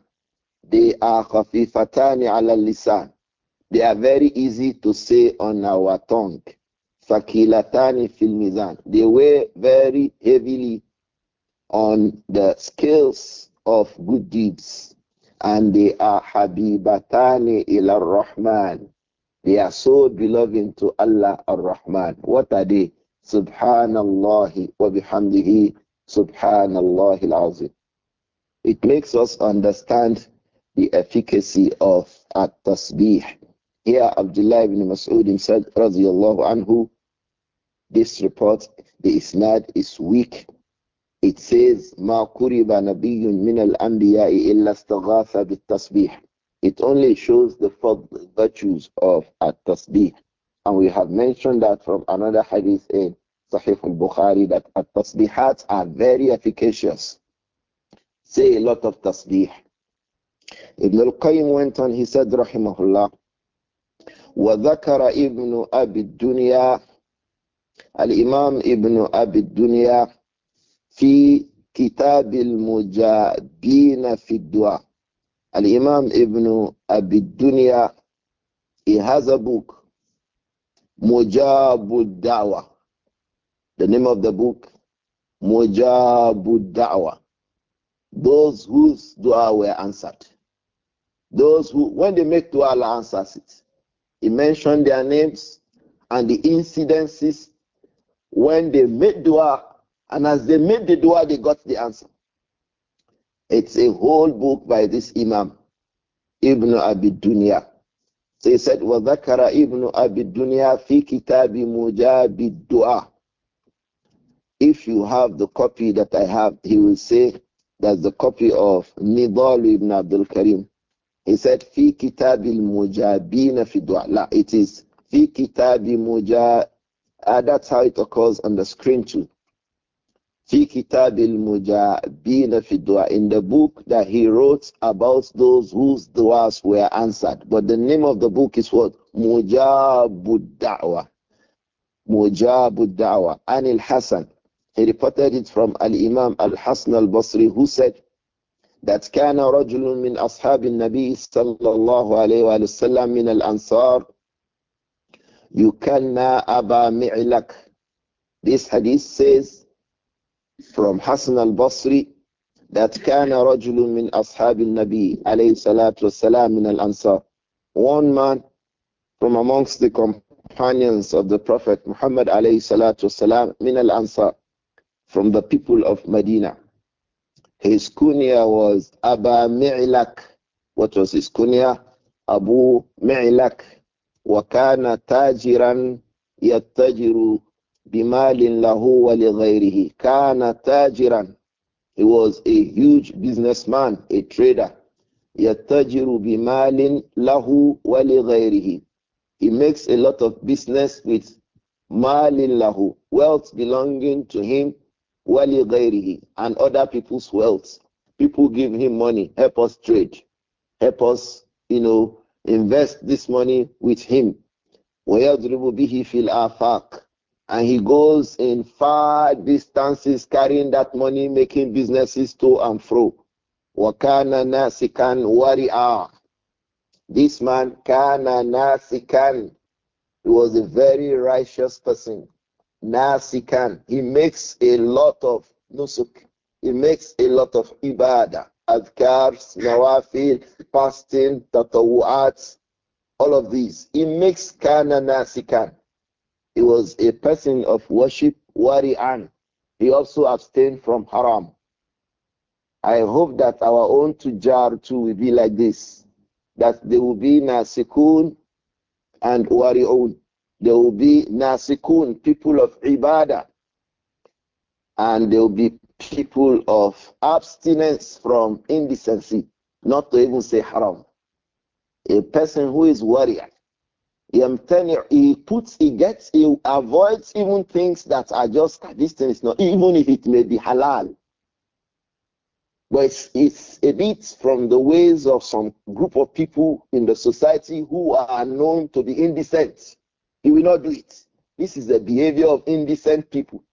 A: they are khafifatani ala lisan. They are very easy to say on our tongue. Fakilatani fil They weigh very heavily on the scales of good deeds. And they are habibatani ila rahman. They are so beloved to Allah ar-Rahman. What are they? Subhanallah wa bihamdihi. Subhanallah al-Azim. It makes us understand the efficacy of at-tasbih here, Abdullah ibn Mas'ud said, radiyallahu anhu, this report, the isnad is weak. It says, ma kuriba nabiyyun min al-anbiya'i illa istaghatha bit-tasbih. It only shows the virtues of at-tasbih. And we have mentioned that from another hadith in Sahih al-Bukhari that at-tasbihat are very efficacious. Say a lot of tasbih. Ibn al-Qayyim went on, he said, rahimahullah, وذكر ابن أبي الدنيا الإمام ابن أبي الدنيا في كتاب المجابين في الدعاء الإمام ابن أبي الدنيا he has a book Mujabud Dawa the name of the book Mujabud Dawa those whose dua were answered those who when they make dua Allah answers it he mentioned their names and the incidences when they made dua, and as they made the dua, they got the answer. It's a whole book by this Imam, Ibn Abi Dunya. So he said, وَذَكَرَ Ibn Abi Dunya fi kitab mujabid dua. If you have the copy that I have, he will say, that's the copy of Nidal ibn Abdul Karim. He said, Fi kitabil mujabina fi dua. it is Fi kitabil mujab. Uh, ah, that's how it occurs on the screen too. Fi kitabil mujabina fi dua. In the book that he wrote about those whose duas were answered. But the name of the book is what? Mujabud da'wa. Mujabud da'wa. Anil Hassan. He reported it from Al Imam Al Hasan Al Basri, who said, that كان رجل من أصحاب النبي صلى الله عليه وآله وسلم من الأنصار يكلنا أبا معلك This hadith says from Hassan al-Basri that كان رجل من أصحاب النبي عليه الصلاة والسلام من الأنصار One man from amongst the companions of the Prophet Muhammad عليه الصلاة والسلام من الأنصار from the people of Medina his kunya was Aba Mi'lak. What was his kunya? Abu Wakana وكان تاجرا bimalin بمال له ولغيره Kana تاجرا he was a huge businessman a trader يتجر بمال له ولغيره he makes a lot of business with malin lahu wealth belonging to him and other people's wealth. People give him money, help us trade, help us, you know, invest this money with him. And he goes in far distances carrying that money, making businesses to and fro. Wakana nasikan wari'a. This man, kana nasikan, he was a very righteous person. Nasikan. He makes a lot of nusuk. He makes a lot of ibadah. Adkars, nawafil, fasting, tatawu'at, all of these. He makes kana nasikan. He was a person of worship, wari'an. He also abstained from haram. I hope that our own tujar too will be like this, that they will be nasikun and wari'un. There will be nasikun, people of ibadah. And there will be people of abstinence from indecency, not to even say haram. A person who is warrior, he puts, he gets, he avoids even things that are just distant, ah, not even if it may be halal. But it's, it's a bit from the ways of some group of people in the society who are known to be indecent. He will not do it. This is the behavior of indecent people.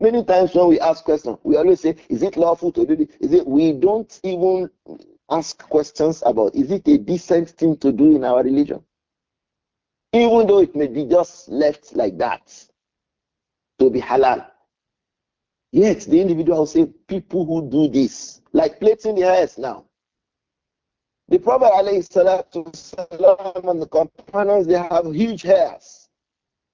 A: Many times when we ask questions, we always say, Is it lawful to do this? Is it we don't even ask questions about is it a decent thing to do in our religion? Even though it may be just left like that to be halal. Yet the individual will say, people who do this, like plating the hairs now. The Prophet والسلام, and the companions they have huge hairs.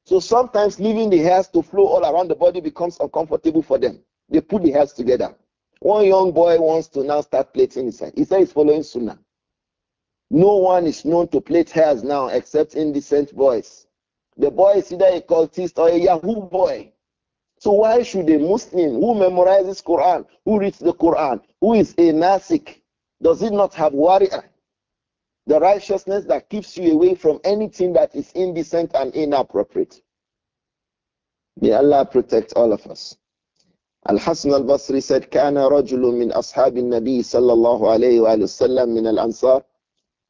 A: So sometimes leaving the hairs to flow all around the body becomes uncomfortable for them. They put the hairs together. One young boy wants to now start plaiting his hair. He said he's following Sunnah. No one is known to plait hairs now except indecent boys. The boy is either a cultist or a Yahoo boy. So why should a Muslim who memorizes Quran, who reads the Quran, who is a Nasik, does it not have warrior? The righteousness that keeps you away from anything that is indecent and inappropriate. May Allah protect all of us. Al Hassan al Basri said, كان رجل من أصحاب النبي صلى الله عليه وآله وسلم من الأنصار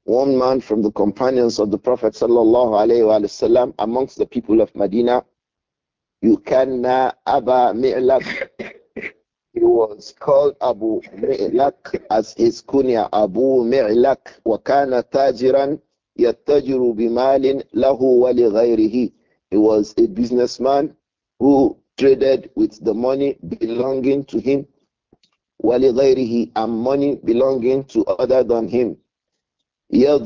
A: one man from the companions of the Prophet sallallahu alaihi wasallam amongst the people of Medina, You Yukanna Aba Mi'lab was called Abu Mi'lak as his kunya Abu Mi'lak wa kana tajiran yattajiru bimalin lahu wa He was a businessman who traded with the money belonging to him wa he and money belonging to other than him. He goes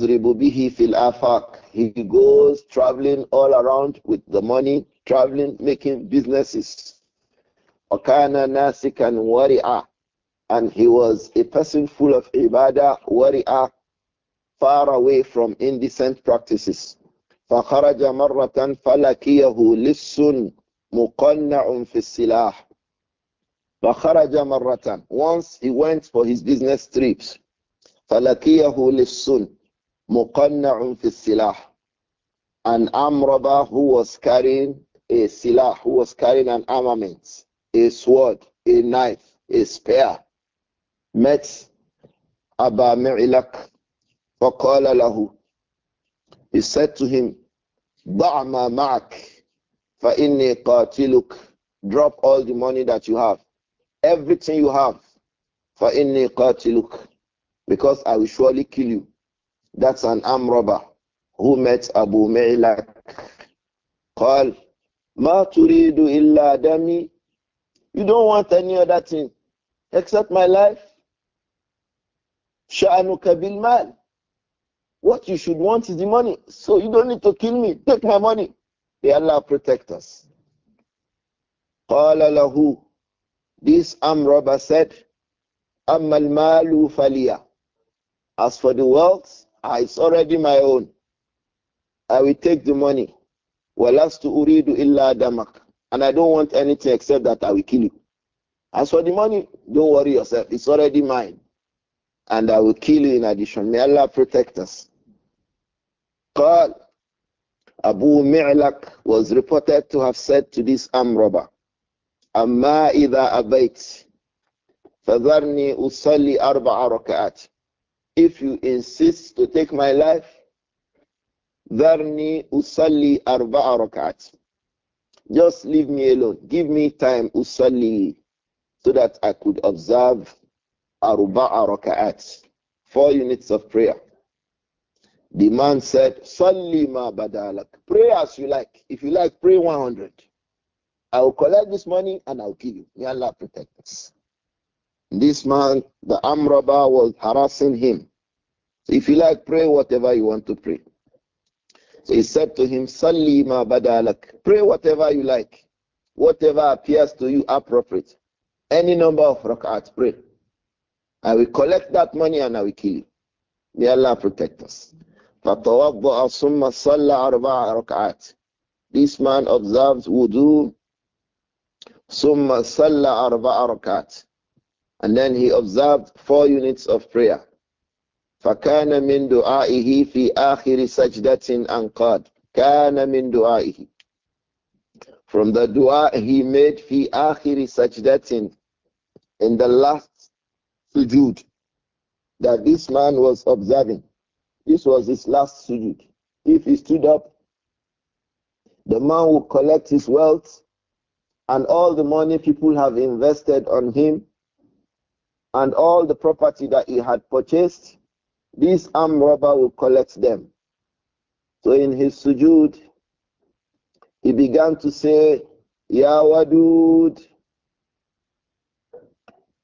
A: traveling all around with the money, traveling, making businesses. وَكَانَ نَاسِكًا وَرِعًا And he was a person full of ibadah, wari'ah, far away from indecent practices. فخرج مرة فلكيه لص مقنع في السلاح. فخرج مرة Once he went for his business trips. فلكيه لص مقنع في السلاح. An arm robber who was carrying a silah, who was carrying an armament a sword, a knife, a spear, met Aba Mi'ilak فقال له He said to him, دع ما معك فإني قاتلك Drop all the money that you have, everything you have, فإني قاتلك Because I will surely kill you. That's an arm robber who met Abu Mi'ilak. قال ما تريد إلا دمي you don't want any other thing except my life. Sha'anuka mal. What you should want is the money. So you don't need to kill me. Take my money. May Allah protect us. Qala This Amraba said, Ammal malu faliya. As for the wealth, ah, it's already my own. I will take the money. Walastu uridu illa damak and I don't want anything except that I will kill you. As for the money, don't worry yourself. It's already mine. And I will kill you in addition. May Allah protect us. قال Abu Mi'lak was reported to have said to this armed robber, "Amma ida أبيت فذرني usalli أربع ركعات If you insist to take my life, ذرني usalli arba ركعات just leave me alone. Give me time, Usali, so that I could observe Aruba Arakaat, four units of prayer. The man said, Salli ma badalak. Pray as you like. If you like, pray 100. I will collect this money and I will give you. May Allah protect us. This man, the Amraba, was harassing him. So if you like, pray whatever you want to pray. So he said to him, Salli ma badalak. Pray whatever you like, whatever appears to you appropriate. Any number of rak'at, pray. I will collect that money and I will kill you. May Allah protect us. فَتَوَضَّأَ ثُمَّ صَلَّى This man observes wudu summa salla أَرْبَعَ rakat, And then he observed four units of prayer. فكان من دعائه في آخر سجدة أن قال كان من دعائه from the dua he made في آخر سجدة in the last sujood that this man was observing this was his last sujood if he stood up the man would collect his wealth and all the money people have invested on him and all the property that he had purchased this arm robber will collect them. So in his sujud, he began to say, Ya Wadud,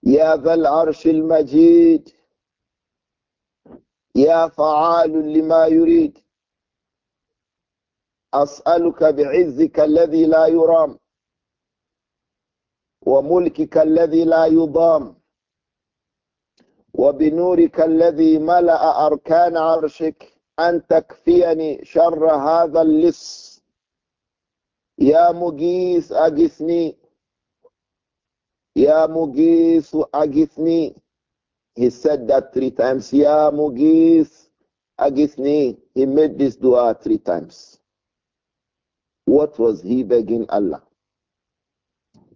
A: Ya Dhal Arshil Majid, Ya Fa'alul Lima Yurid, Bi'izzika بعزك La Yuram, يرام Mulkika الذي La Yudam." وبنورك الذي ملأ أركان عرشك أن تكفيني شر هذا اللص يا مجيس أجثني يا مجيس أجثني He said that three times. Ya Mugis Agisni. He made this dua three times. What was he begging Allah?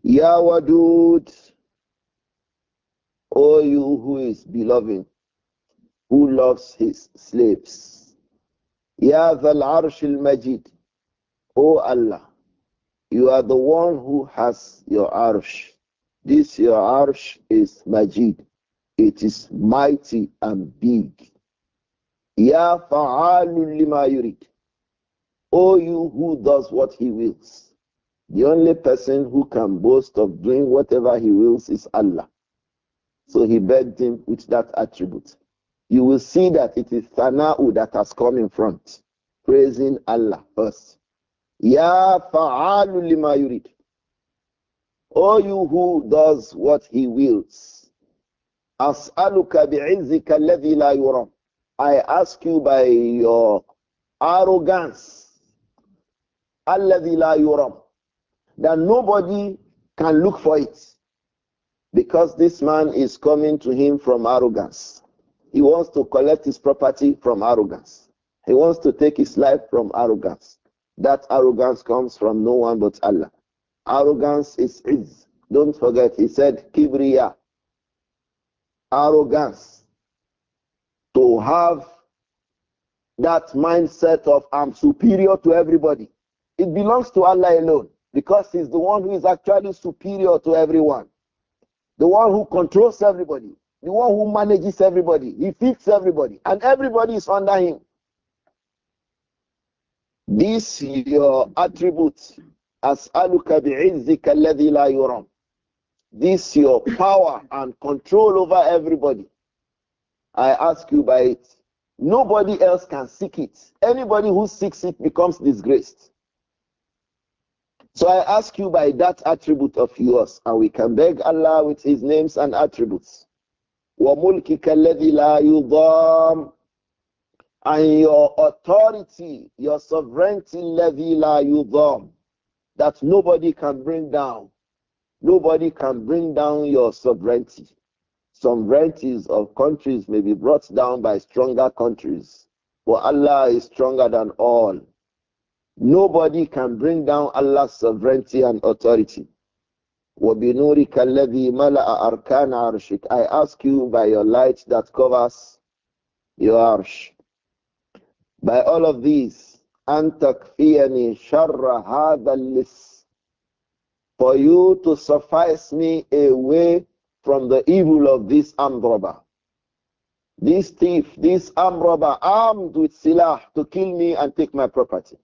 A: Ya Wadud. O you who is beloved, who loves his slaves. Ya Zal Arsh al Majid, O Allah, you are the one who has your arsh. This your arsh is Majid. It is mighty and big. Ya Fa'alul lima yurid. O you who does what he wills. The only person who can boast of doing whatever he wills is Allah. So he begged him with that attribute. You will see that it is Sana'u that has come in front, praising Allah first. Ya fa'alu lima yurid. O you who does what he wills. As'aluka bi'izzika alladhi la yuram. I ask you by your arrogance. Alladhi la yuram. That nobody can look for it. Because this man is coming to him from arrogance. He wants to collect his property from arrogance. He wants to take his life from arrogance. That arrogance comes from no one but Allah. Arrogance is izz. Don't forget, he said, kibriya. Arrogance. To have that mindset of I'm superior to everybody. It belongs to Allah alone because He's the one who is actually superior to everyone the one who controls everybody, the one who manages everybody, he feeds everybody, and everybody is under him. This your attributes as la This your power and control over everybody. I ask you by it. Nobody else can seek it. Anybody who seeks it becomes disgraced. So I ask you by that attribute of yours, and we can beg Allah with His names and attributes. And your authority, your sovereignty, الَّذِي لَا That nobody can bring down. Nobody can bring down your sovereignty. Sovereignties of countries may be brought down by stronger countries, but Allah is stronger than all. Nobody can bring down Allah's sovereignty and authority. I ask you by your light that covers your arsh. By all of these, أَن تَكْفِيَنِي For you to suffice me away from the evil of this armed This thief, this armed armed with silah to kill me and take my property.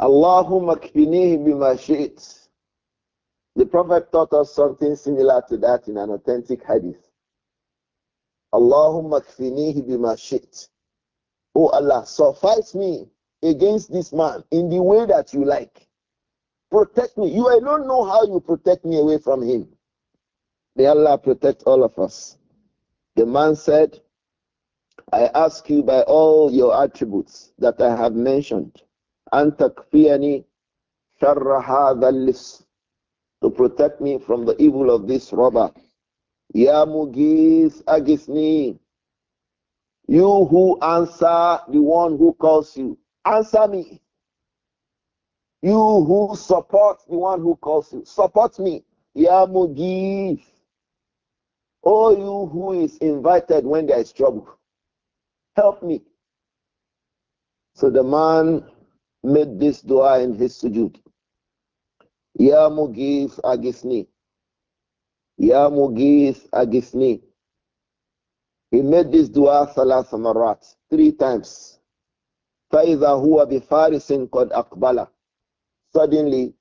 A: Allahumma kfinihi bima shi'it. The Prophet taught us something similar to that in an authentic hadith. Allahumma kfinihi bima shi'it. Oh Allah, suffice me against this man in the way that you like. Protect me. You alone know how you protect me away from him. May Allah protect all of us. The man said, I ask you by all your attributes that I have mentioned, أن تكفيني شر هذا اللص to protect me from the evil of this robber يا مجيز أجثني you who answer the one who calls you answer me you who support the one who calls you support me يا مجيز Oh, you who is invited when there is trouble, help me. So the man made this dua in his sujud. Ya Mughith Agisni. Ya Mughith Agisni. He made this dua salah samarat three times. was a بِفَارِسٍ called Akbala. Suddenly,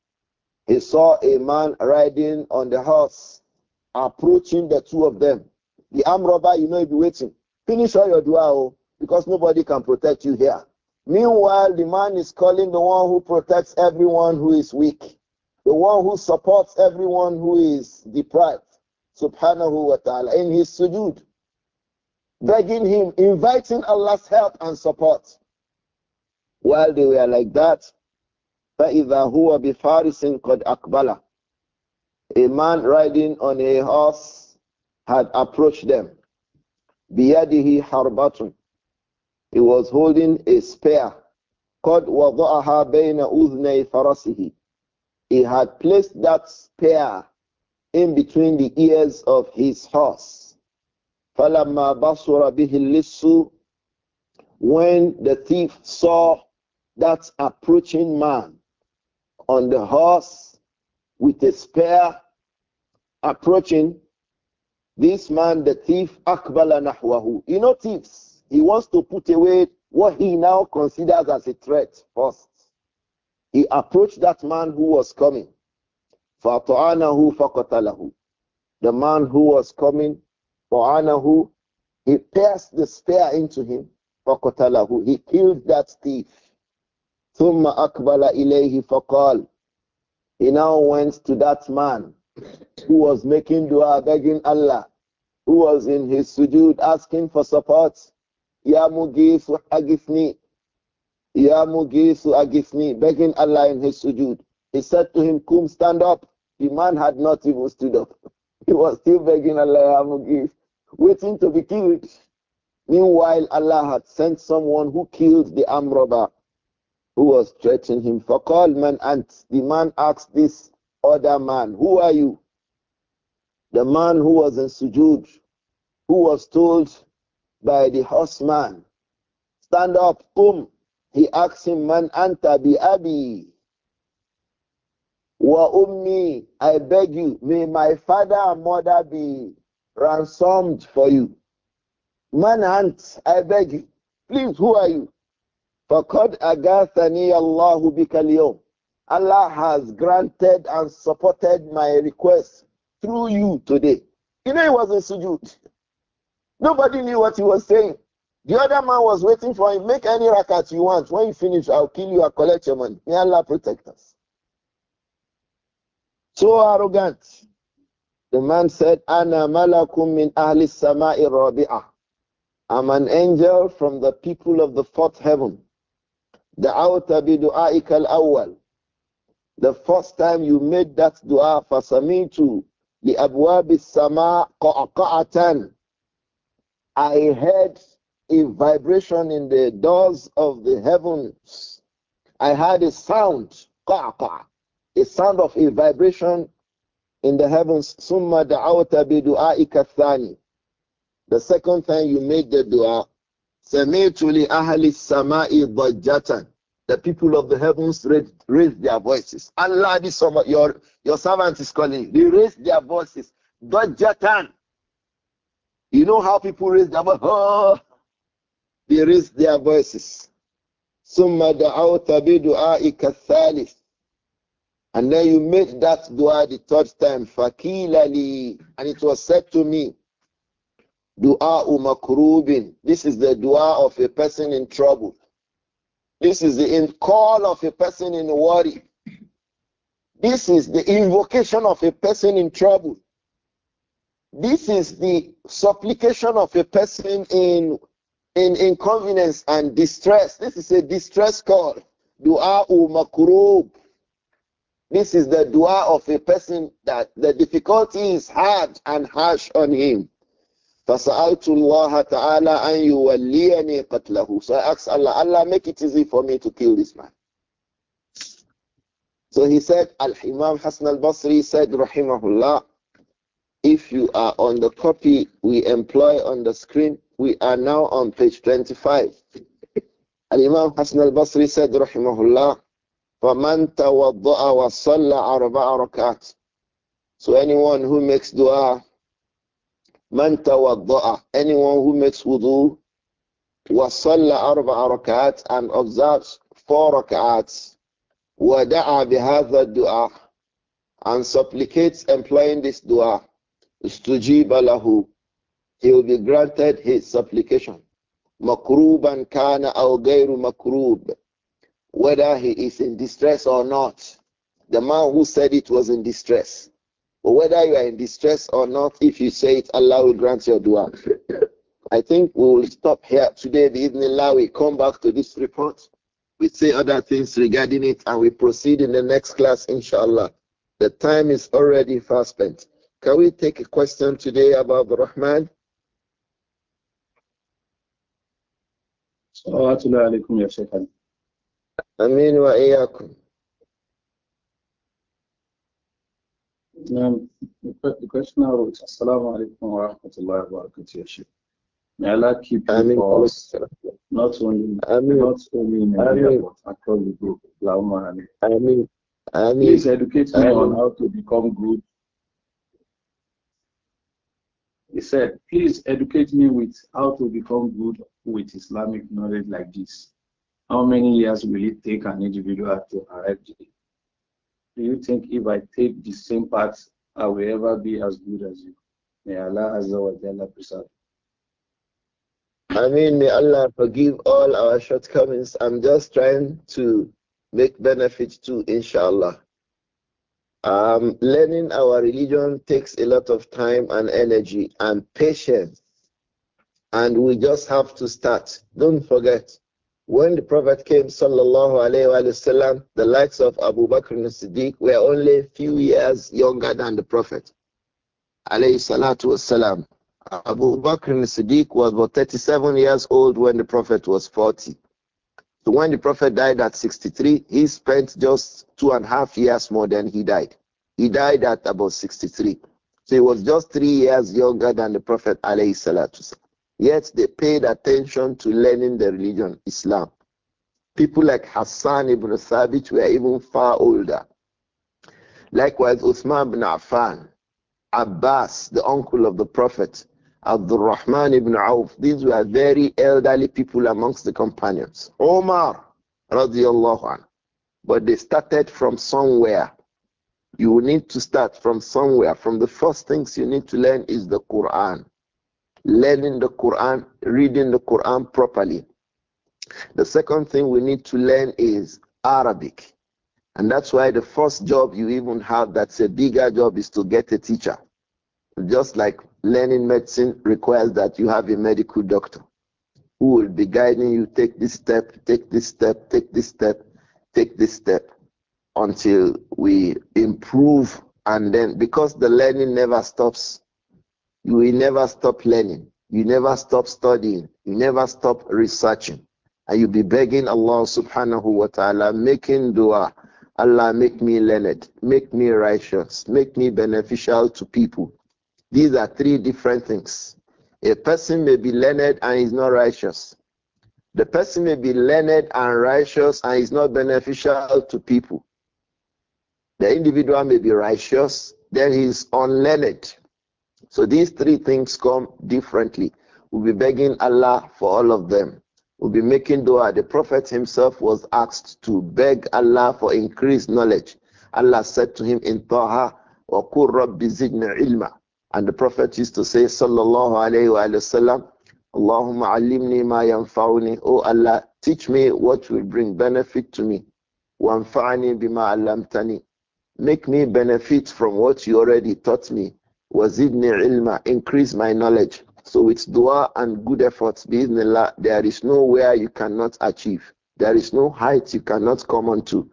A: he saw a man riding on the horse, approaching the two of them. The arm robber, you know, he'll be waiting. Finish all your dua, oh, because nobody can protect you here. Meanwhile, the man is calling the one who protects everyone who is weak, the one who supports everyone who is deprived, subhanahu wa ta'ala, in his sujood, begging him, inviting Allah's help and support. While they were like that, فَإِذَا هُوَ بِفَارِسٍ قَدْ أَقْبَلَ A man riding on a horse had approached them. بِيَدِهِ حَرْبَةٌ he was holding a spear. قَدْ وَضَعَهَا bayna أُذْنَيْ فَرَسِهِ He had placed that spear in between the ears of his horse. فَلَمَّا بَصُرَ بِهِ When the thief saw that approaching man on the horse with a spear approaching, this man, the thief, akbala nahwahu. You know thieves, he wants to put away what he now considers as a threat first. He approached that man who was coming. فَأَطَعَانَهُ The man who was coming, فَأَعَانَهُ He pierced the spear into him. فَقَتَلَهُ He killed that thief. ثُمَّ أَقْبَلَ إِلَيْهِ fakal. He now went to that man who was making dua, begging Allah, who was in his sujood asking for support. Ya Mugisu Agisni, Ya Mugisu Agisni, begging Allah in his sujud. He said to him, Come, stand up. The man had not even stood up. He was still begging Allah, Ya Mugis, waiting to be killed. Meanwhile, Allah had sent someone who killed the arm robber who was threatening him. For call man And The man asked this other man, Who are you? The man who was in sujud, who was told by the horseman. Stand up, boom. He asks him, Man anta bi abi. Wa ummi, I beg you, may my father and mother be ransomed for you. Man ant, I beg you, please, who are you? فَقَدْ أَغَاثَنِيَ اللَّهُ بِكَ الْيَوْمِ Allah has granted and supported my request through you today. You know, he was in sujood. Nobody knew what he was saying. The other man was waiting for him. Make any racket you want. When you finish, I'll kill you. I'll collect your money. May Allah protect us. So arrogant. The man said, Ana malakum min ahli sama'i rabi'ah. I'm an angel from the people of the fourth heaven. Da'awta bi du'aika al-awwal. The first time you made that dua, fasamitu li abwabi sama qa'qa'atan. I heard a vibration in the doors of the heavens. I heard a sound, a sound of a vibration in the heavens. Summa da'awta bidu'aika thani. The second time you made the dua, sami'tu li ahli sama'i The people of the heavens raised, raised their voices. Allah, this summer, your, your servant is calling. They raised their voices. Dhajjatan. You know how people raise their voice? Oh, they raise their voices. and then you made that dua the third time, fakilali, and it was said to me, dua umakrubin. This is the dua of a person in trouble. This is the call of a person in worry. This is the invocation of a person in trouble. This is the supplication of a person in in inconvenience and distress. This is a distress call. Dua al-makrub. This is the dua of a person that the difficulty is hard and harsh on him. فَسَأَلْتُ اللَّهَ تَعَالَى أَنْ يُوَلِّيَنِي قَتْلَهُ So I asked Allah, Allah make it easy for me to kill this man. So he said, Al-Imam Hasan al-Basri said, رحمه الله, if you are on the copy we employ on the screen, we are now on page 25. Al Imam Hassan al Basri said, Rahimahullah, فَمَنْ تَوَضَّأَ وَصَلَّى أَرْبَعَ رَكَعَاتٍ So anyone who makes dua, مَنْ تَوَضَّأَ Anyone who makes wudu, وَصَلَّى أَرْبَعَ رَكَعَاتٍ and observes four rak'ats, وَدَعَ بِهَذَا الدُّعَاءِ and supplicates employing this dua. Ustujibalahu. He will be granted his supplication. Makruban kana aw gairu makroob. Whether he is in distress or not. The man who said it was in distress. But whether you are in distress or not, if you say it, Allah will grant your dua. I think we will stop here today. The evening now we come back to this report. We say other things regarding it and we proceed in the next class, inshallah. The time is already fast spent. Can we take a question today about the Rahman? صلواتنا عليكم يا شيخنا أمين وإياكم Um, the questioner Assalamu alaikum wa rahmatullahi wa barakatuh, May Allah keep you Amin. us, not only, Amin. not only in Nigeria, but across the globe. Amin. Amin. Please educate me on how to become good he said, please educate me with how to become good with Islamic knowledge like this. How many years will it take an individual to arrive there? Do you think if I take the same path, I will ever be as good as you? May Allah Azza wa Jalla preserve. I mean, may Allah forgive all our shortcomings. I'm just trying to make benefit too, inshallah. Um, learning our religion takes a lot of time and energy and patience. And we just have to start. Don't forget, when the Prophet came, sallallahu wasallam, the likes of Abu Bakr and Siddiq were only a few years younger than the Prophet. Alayhi salatu Abu Bakr and Siddiq was about 37 years old when the Prophet was 40. So when the Prophet died at 63, he spent just two and a half years more than he died. He died at about 63. So he was just three years younger than the Prophet Yet they paid attention to learning the religion, Islam. People like Hassan ibn Thabit were even far older. Likewise, Uthman ibn Affan, Abbas, the uncle of the Prophet, Abdul Rahman ibn Auf. These were very elderly people amongst the companions. Omar, radiallahu anhu. But they started from somewhere. You need to start from somewhere. From the first things you need to learn is the Quran. Learning the Quran, reading the Quran properly. The second thing we need to learn is Arabic. And that's why the first job you even have that's a bigger job is to get a teacher. Just like Learning medicine requires that you have a medical doctor who will be guiding you take this step, take this step, take this step, take this step until we improve. And then, because the learning never stops, you will never stop learning, you never stop studying, you never stop researching. And you'll be begging Allah subhanahu wa ta'ala, making dua. Allah, make me learned, make me righteous, make me beneficial to people, these are three different things. A person may be learned and is not righteous. The person may be learned and righteous and is not beneficial to people. The individual may be righteous, then he is unlearned. So these three things come differently. We'll be begging Allah for all of them. We'll be making dua. The Prophet himself was asked to beg Allah for increased knowledge. Allah said to him in Taha, وَقُلْ رَبِّ زِدْنَ عِلْمًا and the Prophet used to say, Sallallahu Alaihi Wasallam, Allahumma alimni ma yanfa'uni. O Allah, teach me what will bring benefit to me. Wanfa'ani bima alamtani. Make me benefit from what you already taught me. Wazidni ilma. Increase my knowledge. So with dua and good efforts, bismillah, there is nowhere you cannot achieve. There is no height you cannot come onto.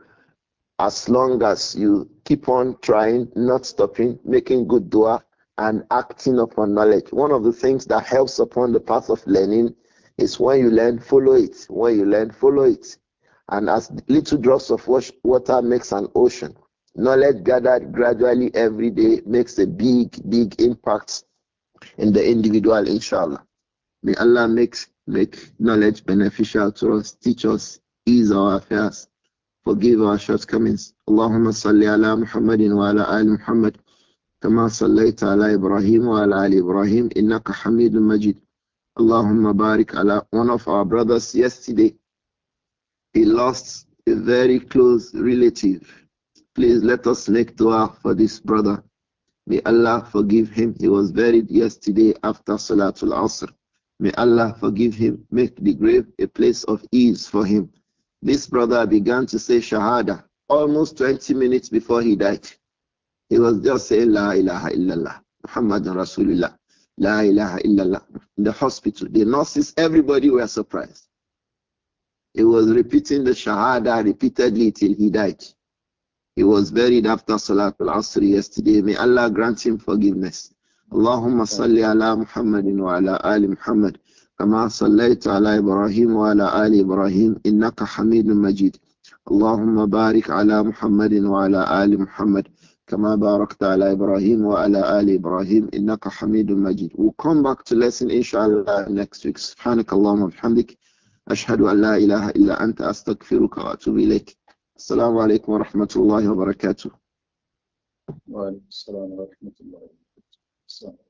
A: As long as you keep on trying, not stopping, making good dua, and acting upon knowledge. One of the things that helps upon the path of learning is when you learn, follow it. When you learn, follow it. And as little drops of water makes an ocean, knowledge gathered gradually every day makes a big, big impact in the individual, inshallah. May Allah make, make knowledge beneficial to us, teach us, ease our affairs, forgive our shortcomings. Allahumma salli ala Muhammadin wa ala ali Muhammad. كما صليت على إبراهيم وعلى آل إبراهيم إنك حميد مجيد اللهم بارك على one of our brothers yesterday he lost a very close relative please let us make dua for this brother may Allah forgive him he was buried yesterday after Salatul Asr may Allah forgive him make the grave a place of ease for him this brother began to say shahada almost 20 minutes before he died he was just saying, La ilaha illallah, Muhammad Rasulullah, La ilaha illallah. In the hospital, the nurses, everybody were surprised. He was repeating the Shahada repeatedly till he died. He was buried after Salatul Asr yesterday. May Allah grant him forgiveness. اللهم صل على محمد وعلى آل محمد كما صليت على إبراهيم وعلى آل إبراهيم إنك حميد مجيد اللهم بارك على محمد وعلى آل محمد كما باركت على إبراهيم وعلى آل إبراهيم إنك حميد مجيد We'll come back to lesson inshallah next week سبحانك اللهم وبحمدك أشهد أن لا إله إلا أنت أستغفرك وأتوب إليك السلام عليكم ورحمة الله وبركاته وعليكم السلام ورحمة الله وبركاته